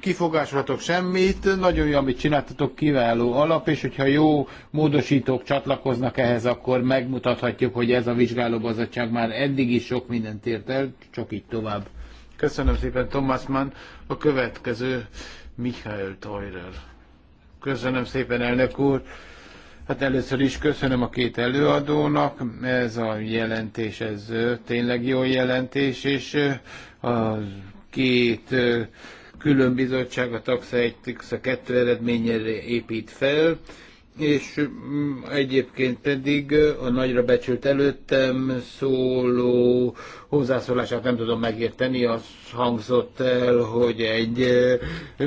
kifogásolhatok semmit, nagyon jó, amit csináltatok, kiváló alap, és hogyha jó módosítók csatlakoznak ehhez, akkor megmutathatjuk, hogy ez a vizsgálóbazottság már eddig is sok mindent ért el, csak így tovább. Köszönöm szépen, Thomas Mann. A következő Michael Teurer. Köszönöm szépen, elnök úr. Hát először is köszönöm a két előadónak, ez a jelentés, ez tényleg jó jelentés, és az két külön bizottság, a TAXA 1, TAXA 2 eredményére épít fel, és mm, egyébként pedig a nagyra becsült előttem szóló hozzászólását nem tudom megérteni, az hangzott el, hogy egy eh,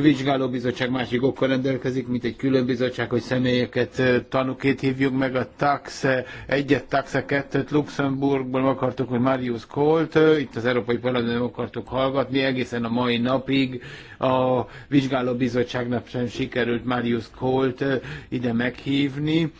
vizsgálóbizottság másik okkal rendelkezik, mint egy külön bizottság, hogy személyeket eh, tanukét hívjuk meg a tax, egyet tax, kettőt Luxemburgból akartuk, hogy Marius Kolt, eh, itt az Európai Parlamentben akartuk hallgatni, egészen a mai napig a vizsgálóbizottságnak sem sikerült Marius Kolt ide meghívni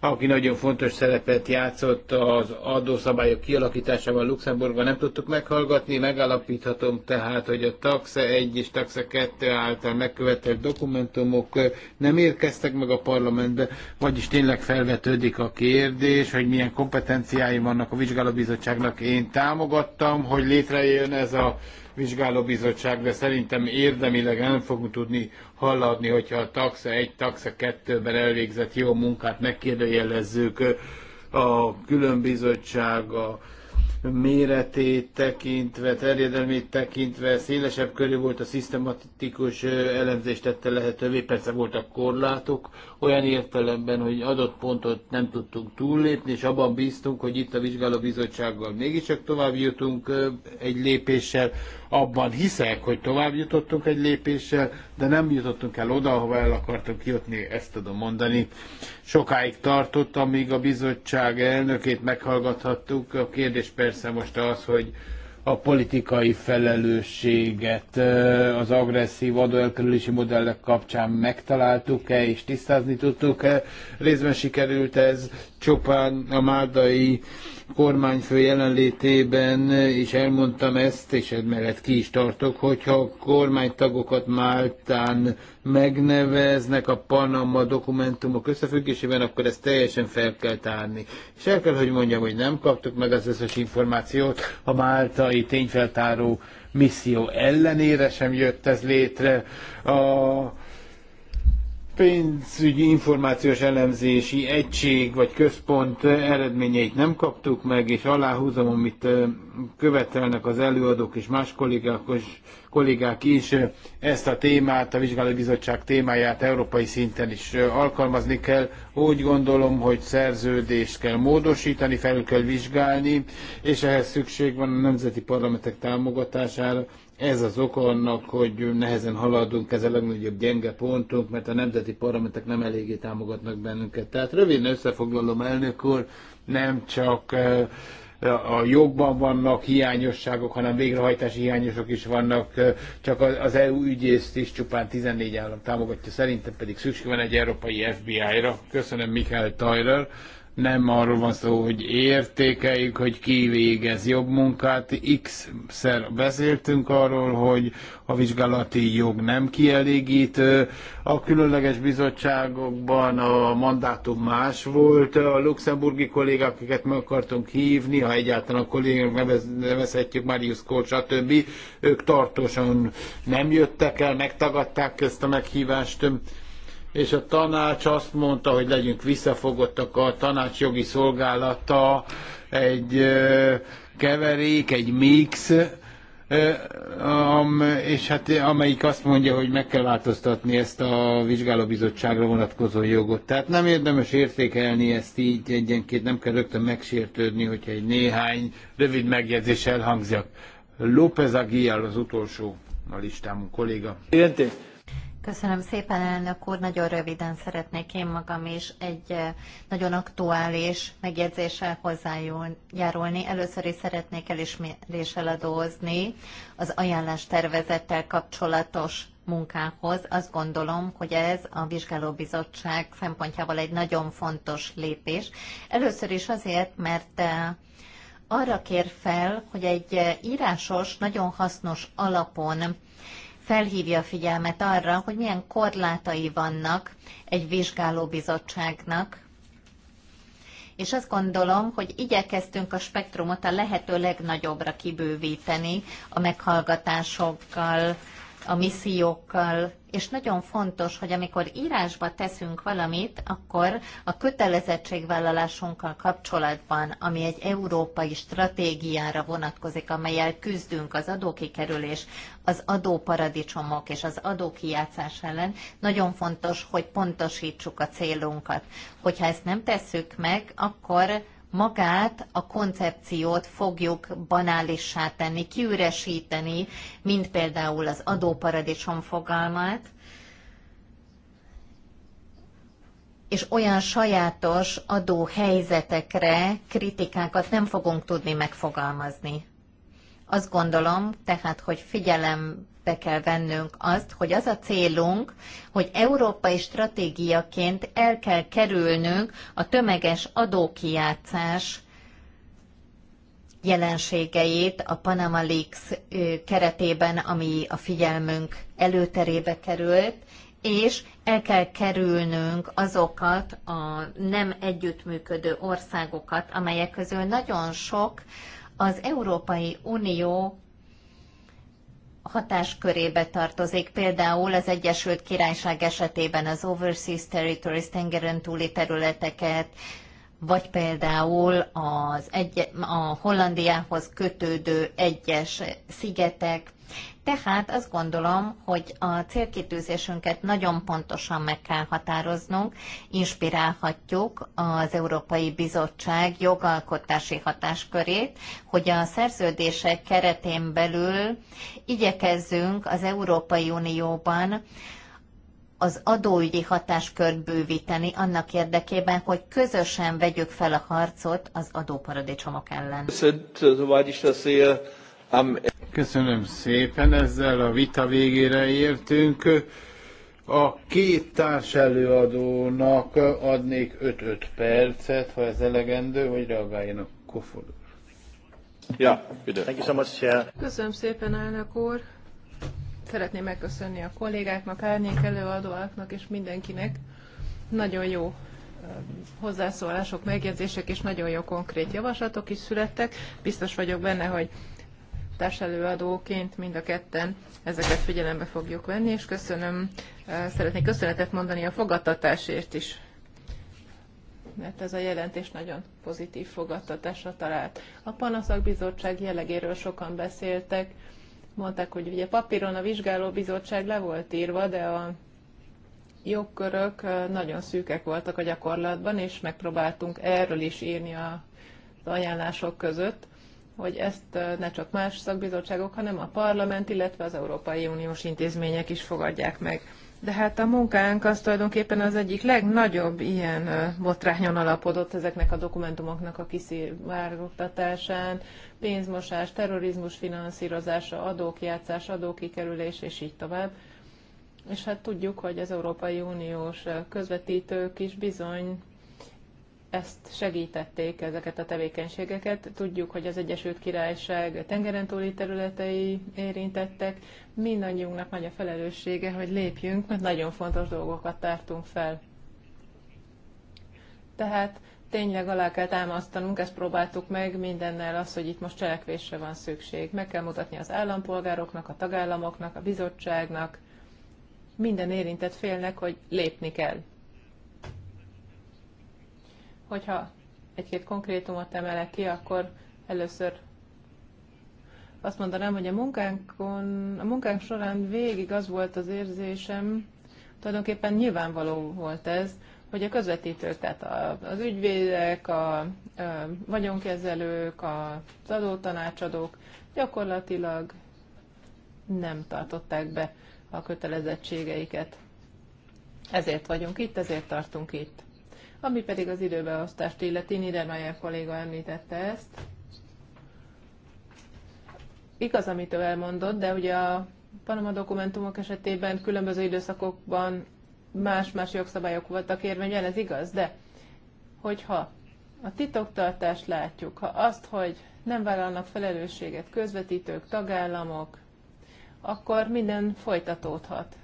aki nagyon fontos szerepet játszott az adószabályok kialakításával Luxemburgban. Nem tudtuk meghallgatni, megállapíthatom tehát, hogy a taxa 1 és taxa 2 által megkövetelt dokumentumok nem érkeztek meg a parlamentbe, vagyis tényleg felvetődik a kérdés, hogy milyen kompetenciái vannak a vizsgálóbizottságnak. Én támogattam, hogy létrejön ez a vizsgálóbizottság, de szerintem érdemileg nem fogunk tudni halladni, hogyha a taxa egy, taxa kettőben elvégzett jó munkát megkérdőjelezzük a különbizottság, a méretét tekintve, terjedelmét tekintve szélesebb körű volt a szisztematikus elemzést tette lehetővé, persze voltak korlátok, olyan értelemben, hogy adott pontot nem tudtunk túllépni, és abban bíztunk, hogy itt a vizsgálóbizottsággal mégiscsak tovább jutunk egy lépéssel, abban hiszek, hogy tovább jutottunk egy lépéssel, de nem jutottunk el oda, ahova el akartunk jutni, ezt tudom mondani. Sokáig tartott, amíg a bizottság elnökét meghallgathattuk. A kérdés persze most az, hogy a politikai felelősséget az agresszív adóelkerülési modellek kapcsán megtaláltuk-e és tisztázni tudtuk-e. Részben sikerült ez csupán a máldai kormányfő jelenlétében is elmondtam ezt, és emellett ki is tartok, hogyha a kormánytagokat Máltán megneveznek a Panama dokumentumok összefüggésében, akkor ezt teljesen fel kell tárni. És el kell, hogy mondjam, hogy nem kaptuk meg az összes információt a máltai tényfeltáró misszió ellenére sem jött ez létre. A pénzügyi információs elemzési egység vagy központ eredményeit nem kaptuk meg, és aláhúzom, amit követelnek az előadók és más kollégák, és kollégák is, ezt a témát, a vizsgálóbizottság témáját európai szinten is alkalmazni kell. Úgy gondolom, hogy szerződést kell módosítani, felül kell vizsgálni, és ehhez szükség van a nemzeti parlamentek támogatására, ez az oka annak, hogy nehezen haladunk, ez a legnagyobb gyenge pontunk, mert a nemzeti parlamentek nem eléggé támogatnak bennünket. Tehát röviden összefoglalom, elnök úr, nem csak eh, a jogban vannak hiányosságok, hanem végrehajtási hiányosok is vannak, eh, csak az EU ügyészt is csupán 14 állam támogatja, szerintem pedig szükség van egy európai FBI-ra. Köszönöm Mikhail Tajrer. Nem arról van szó, hogy értékeljük, hogy ki végez jobb munkát. X-szer beszéltünk arról, hogy a vizsgálati jog nem kielégítő. A különleges bizottságokban a mandátum más volt. A luxemburgi kollégák, akiket meg akartunk hívni, ha egyáltalán a kollégák nevez, nevezhetjük, Marius Kohl, stb. Ők tartósan nem jöttek el, megtagadták ezt a meghívást és a tanács azt mondta, hogy legyünk visszafogottak a tanács jogi szolgálata, egy keverék, egy mix, és hát amelyik azt mondja, hogy meg kell változtatni ezt a vizsgálóbizottságra vonatkozó jogot. Tehát nem érdemes értékelni ezt így egyenként, nem kell rögtön megsértődni, hogyha egy néhány rövid megjegyzés elhangzik. López Aguilar az utolsó a listámunk kolléga. Érték.
Köszönöm szépen, elnök úr. Nagyon röviden szeretnék én magam is egy eh, nagyon aktuális megjegyzéssel hozzájárulni. Először is szeretnék elismeréssel adózni az ajánlás tervezettel kapcsolatos munkához. Azt gondolom, hogy ez a vizsgálóbizottság szempontjából egy nagyon fontos lépés. Először is azért, mert eh, arra kér fel, hogy egy eh, írásos, nagyon hasznos alapon felhívja a figyelmet arra, hogy milyen korlátai vannak egy vizsgálóbizottságnak, és azt gondolom, hogy igyekeztünk a spektrumot a lehető legnagyobbra kibővíteni a meghallgatásokkal, a missziókkal, és nagyon fontos, hogy amikor írásba teszünk valamit, akkor a kötelezettségvállalásunkkal kapcsolatban, ami egy európai stratégiára vonatkozik, amelyel küzdünk az adókikerülés, az adóparadicsomok és az adókijátszás ellen, nagyon fontos, hogy pontosítsuk a célunkat. Hogyha ezt nem tesszük meg, akkor magát a koncepciót fogjuk banálissá tenni, kiüresíteni, mint például az adóparadicsom fogalmát, és olyan sajátos adó helyzetekre kritikákat nem fogunk tudni megfogalmazni. Azt gondolom tehát, hogy figyelem, figyelembe kell vennünk azt, hogy az a célunk, hogy európai stratégiaként el kell kerülnünk a tömeges adókijátszás jelenségeit a Panama Leaks keretében, ami a figyelmünk előterébe került, és el kell kerülnünk azokat a nem együttműködő országokat, amelyek közül nagyon sok az Európai Unió hatáskörébe tartozik, például az Egyesült Királyság esetében az Overseas Territories tengeren túli területeket, vagy például az egy, a Hollandiához kötődő egyes szigetek. Tehát azt gondolom, hogy a célkitűzésünket nagyon pontosan meg kell határoznunk, inspirálhatjuk az Európai Bizottság jogalkotási hatáskörét, hogy a szerződések keretén belül igyekezzünk az Európai Unióban az adóügyi hatáskört bővíteni annak érdekében, hogy közösen vegyük fel a harcot az adóparadicsomok ellen.
Köszönöm szépen, ezzel a vita végére értünk. A két társ előadónak adnék 5-5 percet, ha ez elegendő, hogy reagáljanak Kofod. Ja, üdv. so
Köszönöm szépen, elnök úr. Szeretném megköszönni a kollégáknak, árnyék előadóaknak és mindenkinek. Nagyon jó hozzászólások, megjegyzések és nagyon jó konkrét javaslatok is születtek. Biztos vagyok benne, hogy társelőadóként mind a ketten ezeket figyelembe fogjuk venni, és köszönöm, eh, szeretnék köszönetet mondani a fogadtatásért is, mert ez a jelentés nagyon pozitív fogadtatásra talált. A Panaszakbizottság jellegéről sokan beszéltek, mondták, hogy ugye papíron a vizsgálóbizottság le volt írva, de a jogkörök eh, nagyon szűkek voltak a gyakorlatban, és megpróbáltunk erről is írni az ajánlások között hogy ezt ne csak más szakbizottságok, hanem a parlament, illetve az Európai Uniós intézmények is fogadják meg. De hát a munkánk az tulajdonképpen az egyik legnagyobb ilyen botrányon alapodott ezeknek a dokumentumoknak a kiszivárogtatásán, pénzmosás, terrorizmus finanszírozása, adókjátszás, adókikerülés és így tovább. És hát tudjuk, hogy az Európai Uniós közvetítők is bizony ezt segítették, ezeket a tevékenységeket. Tudjuk, hogy az Egyesült Királyság tengeren túli területei érintettek. Mindannyiunknak nagy a felelőssége, hogy lépjünk, mert nagyon fontos dolgokat tártunk fel. Tehát tényleg alá kell támasztanunk, ezt próbáltuk meg mindennel az, hogy itt most cselekvésre van szükség. Meg kell mutatni az állampolgároknak, a tagállamoknak, a bizottságnak, minden érintett félnek, hogy lépni kell. Hogyha egy-két konkrétumot emelek ki, akkor először azt mondanám, hogy a munkánkon, a munkánk során végig az volt az érzésem, tulajdonképpen nyilvánvaló volt ez, hogy a közvetítők, tehát az ügyvédek, a, vagyonkezelők, az adótanácsadók gyakorlatilag nem tartották be a kötelezettségeiket. Ezért vagyunk itt, ezért tartunk itt. Ami pedig az időbeosztást illeti, Niedermeyer kolléga említette ezt. Igaz, amit ő elmondott, de ugye a Panama dokumentumok esetében különböző időszakokban más-más jogszabályok voltak érvényben, ez igaz, de hogyha a titoktartást látjuk, ha azt, hogy nem vállalnak felelősséget közvetítők, tagállamok, akkor minden folytatódhat.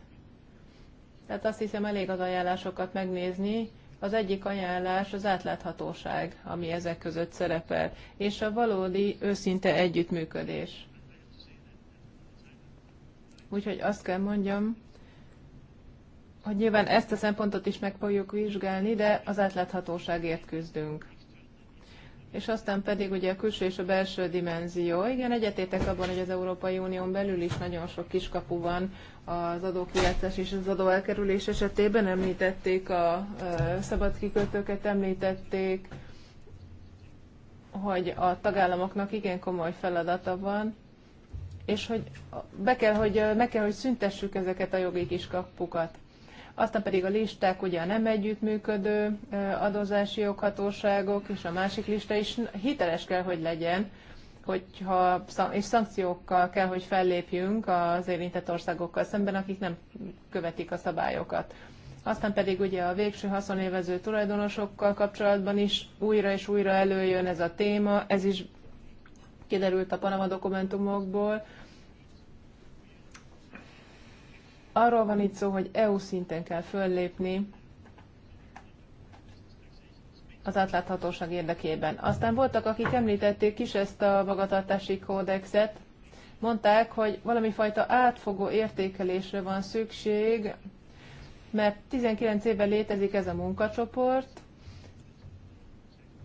Tehát azt hiszem elég az ajánlásokat megnézni, az egyik ajánlás az átláthatóság, ami ezek között szerepel, és a valódi őszinte együttműködés. Úgyhogy azt kell mondjam, hogy nyilván ezt a szempontot is meg fogjuk vizsgálni, de az átláthatóságért küzdünk és aztán pedig ugye a külső és a belső dimenzió. Igen, egyetétek abban, hogy az Európai Unión belül is nagyon sok kiskapu van az adókijátszás és az adóelkerülés esetében. Említették a szabad kikötőket, említették, hogy a tagállamoknak igen komoly feladata van, és hogy, be kell, hogy meg kell, hogy szüntessük ezeket a jogi kiskapukat aztán pedig a listák ugye a nem együttműködő adózási joghatóságok, és a másik lista is hiteles kell, hogy legyen, hogyha, és szankciókkal kell, hogy fellépjünk az érintett országokkal szemben, akik nem követik a szabályokat. Aztán pedig ugye a végső haszonélvező tulajdonosokkal kapcsolatban is újra és újra előjön ez a téma, ez is kiderült a Panama dokumentumokból, Arról van itt szó, hogy EU szinten kell föllépni az átláthatóság érdekében. Aztán voltak, akik említették is ezt a magatartási kódexet, mondták, hogy valami fajta átfogó értékelésre van szükség, mert 19 éve létezik ez a munkacsoport,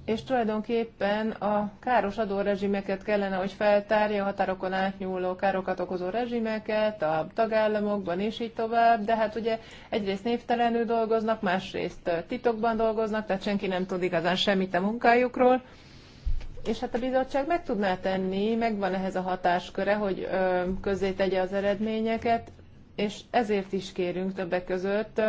és tulajdonképpen a káros adórezsimeket kellene, hogy feltárja, a határokon átnyúló károkat okozó rezsimeket, a tagállamokban és így tovább, de hát ugye egyrészt névtelenül dolgoznak, másrészt titokban dolgoznak, tehát senki nem tud igazán semmit a munkájukról. És hát a bizottság meg tudná tenni, megvan ehhez a hatásköre, hogy közzé tegye az eredményeket, és ezért is kérünk többek között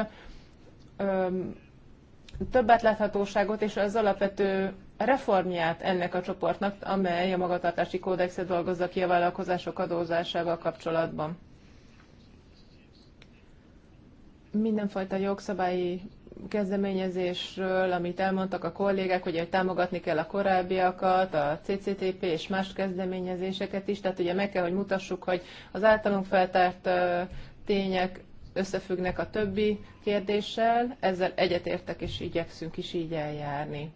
több átláthatóságot és az alapvető reformját ennek a csoportnak, amely a magatartási kódexet dolgozza ki a vállalkozások adózásával kapcsolatban. Mindenfajta jogszabályi kezdeményezésről, amit elmondtak a kollégák, hogy támogatni kell a korábbiakat, a CCTP és más kezdeményezéseket is, tehát ugye meg kell, hogy mutassuk, hogy az általunk feltárt tények összefüggnek a többi kérdéssel, ezzel egyetértek és igyekszünk is így eljárni.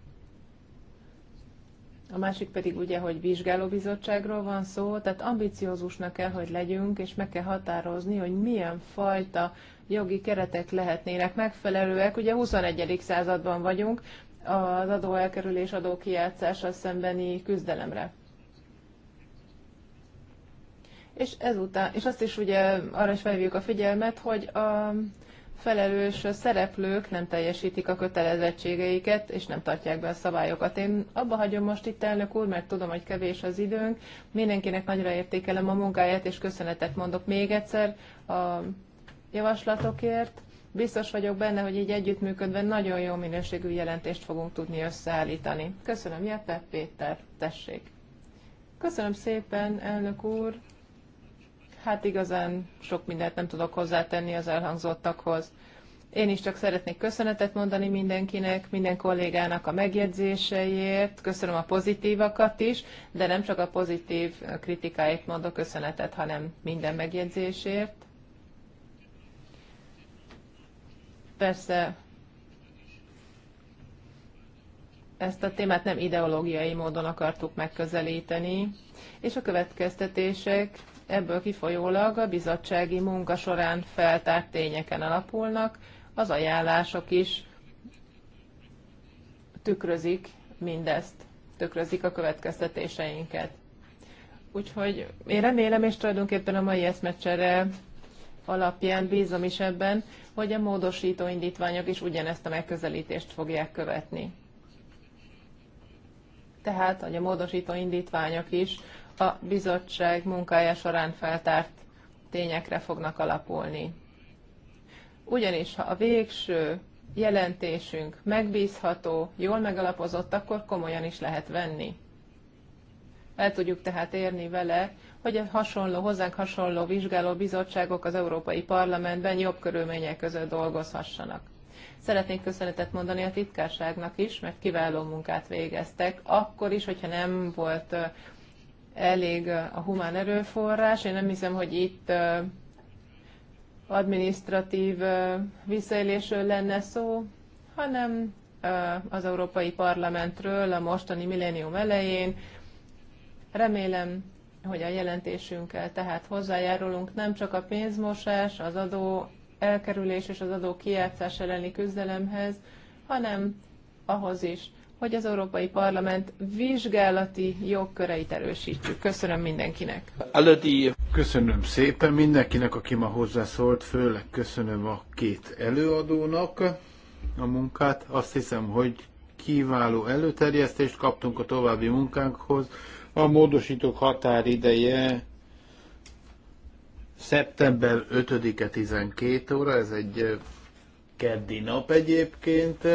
A másik pedig ugye, hogy vizsgálóbizottságról van szó, tehát ambiciózusnak kell, hogy legyünk, és meg kell határozni, hogy milyen fajta jogi keretek lehetnének megfelelőek. Ugye 21. században vagyunk az adóelkerülés adókijátszással szembeni küzdelemre és ezután, és azt is ugye arra is felhívjuk a figyelmet, hogy a felelős szereplők nem teljesítik a kötelezettségeiket, és nem tartják be a szabályokat. Én abba hagyom most itt, elnök úr, mert tudom, hogy kevés az időnk. Mindenkinek nagyra értékelem a munkáját, és köszönetet mondok még egyszer a javaslatokért. Biztos vagyok benne, hogy így együttműködve nagyon jó minőségű jelentést fogunk tudni összeállítani. Köszönöm, Jeppe Péter, tessék. Köszönöm szépen, elnök úr. Hát igazán sok mindent nem tudok hozzátenni az elhangzottakhoz. Én is csak szeretnék köszönetet mondani mindenkinek, minden kollégának a megjegyzéseiért, köszönöm a pozitívakat is, de nem csak a pozitív kritikáért mondok köszönetet, hanem minden megjegyzésért. Persze ezt a témát nem ideológiai módon akartuk megközelíteni, és a következtetések ebből kifolyólag a bizottsági munka során feltárt tényeken alapulnak, az ajánlások is tükrözik mindezt, tükrözik a következtetéseinket. Úgyhogy én remélem, és tulajdonképpen a mai eszmecsere alapján bízom is ebben, hogy a módosító indítványok is ugyanezt a megközelítést fogják követni. Tehát, hogy a módosító indítványok is a bizottság munkája során feltárt tényekre fognak alapulni. Ugyanis, ha a végső jelentésünk megbízható, jól megalapozott, akkor komolyan is lehet venni. El tudjuk tehát érni vele, hogy a hasonló, hozzánk hasonló vizsgáló bizottságok az Európai Parlamentben jobb körülmények között dolgozhassanak. Szeretnék köszönetet mondani a titkárságnak is, mert kiváló munkát végeztek, akkor is, hogyha nem volt elég eh, a humán erőforrás. Én nem hiszem, hogy itt eh, administratív eh, visszaélésről lenne szó, hanem az Európai Parlamentről a mostani millénium elején. Remélem, hogy a jelentésünkkel tehát hozzájárulunk nem csak a pénzmosás, az adó elkerülés és az adó kijátszás elleni küzdelemhez, hanem ahhoz is, hogy az Európai Parlament vizsgálati jogköreit erősítsük. Köszönöm mindenkinek.
Köszönöm szépen mindenkinek, aki ma hozzászólt, főleg köszönöm a két előadónak a munkát. Azt hiszem, hogy kiváló előterjesztést kaptunk a további munkánkhoz. A módosítók határideje szeptember 5-e 12 óra, ez egy keddi nap egyébként.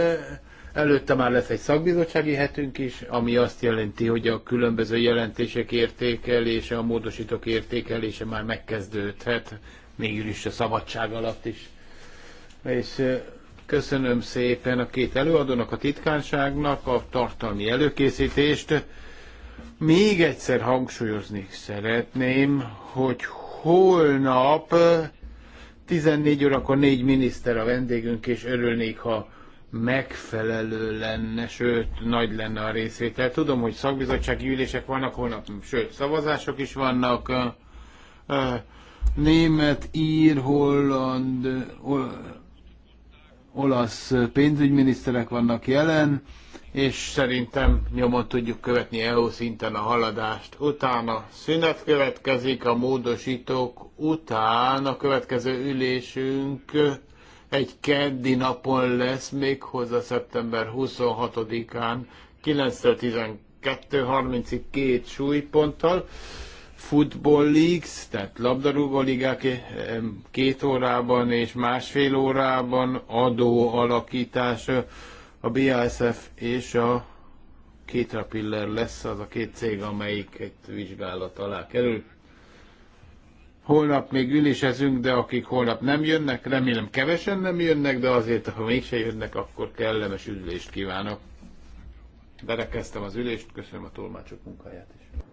Előtte már lesz egy szakbizottsági hetünk is, ami azt jelenti, hogy a különböző jelentések értékelése, a módosítók értékelése már megkezdődhet, mégis a szabadság alatt is. És köszönöm szépen a két előadónak, a titkánságnak a tartalmi előkészítést. Még egyszer hangsúlyozni szeretném, hogy holnap 14 órakor négy miniszter a vendégünk, és örülnék, ha megfelelő lenne, sőt, nagy lenne a részvétel. Tudom, hogy szakbizottsági ülések vannak holnap, sőt, szavazások is vannak. Német, ír, holland, olasz pénzügyminiszterek vannak jelen, és szerintem nyomon tudjuk követni EU szinten a haladást. Utána szünet következik a módosítók után a következő ülésünk egy keddi napon lesz, méghozzá szeptember 26-án 9-12.30-ig két súlyponttal. Football Leagues, tehát labdarúgó ligák eh, két órában és másfél órában adó alakítás, eh, a BASF és a Kétrapiller lesz az a két cég, amelyik egy vizsgálat alá kerül. Holnap még ülésezünk, de akik holnap nem jönnek, remélem kevesen nem jönnek, de azért, ha mégse jönnek, akkor kellemes ülést kívánok. Berekeztem az ülést, köszönöm a tolmácsok
munkáját is.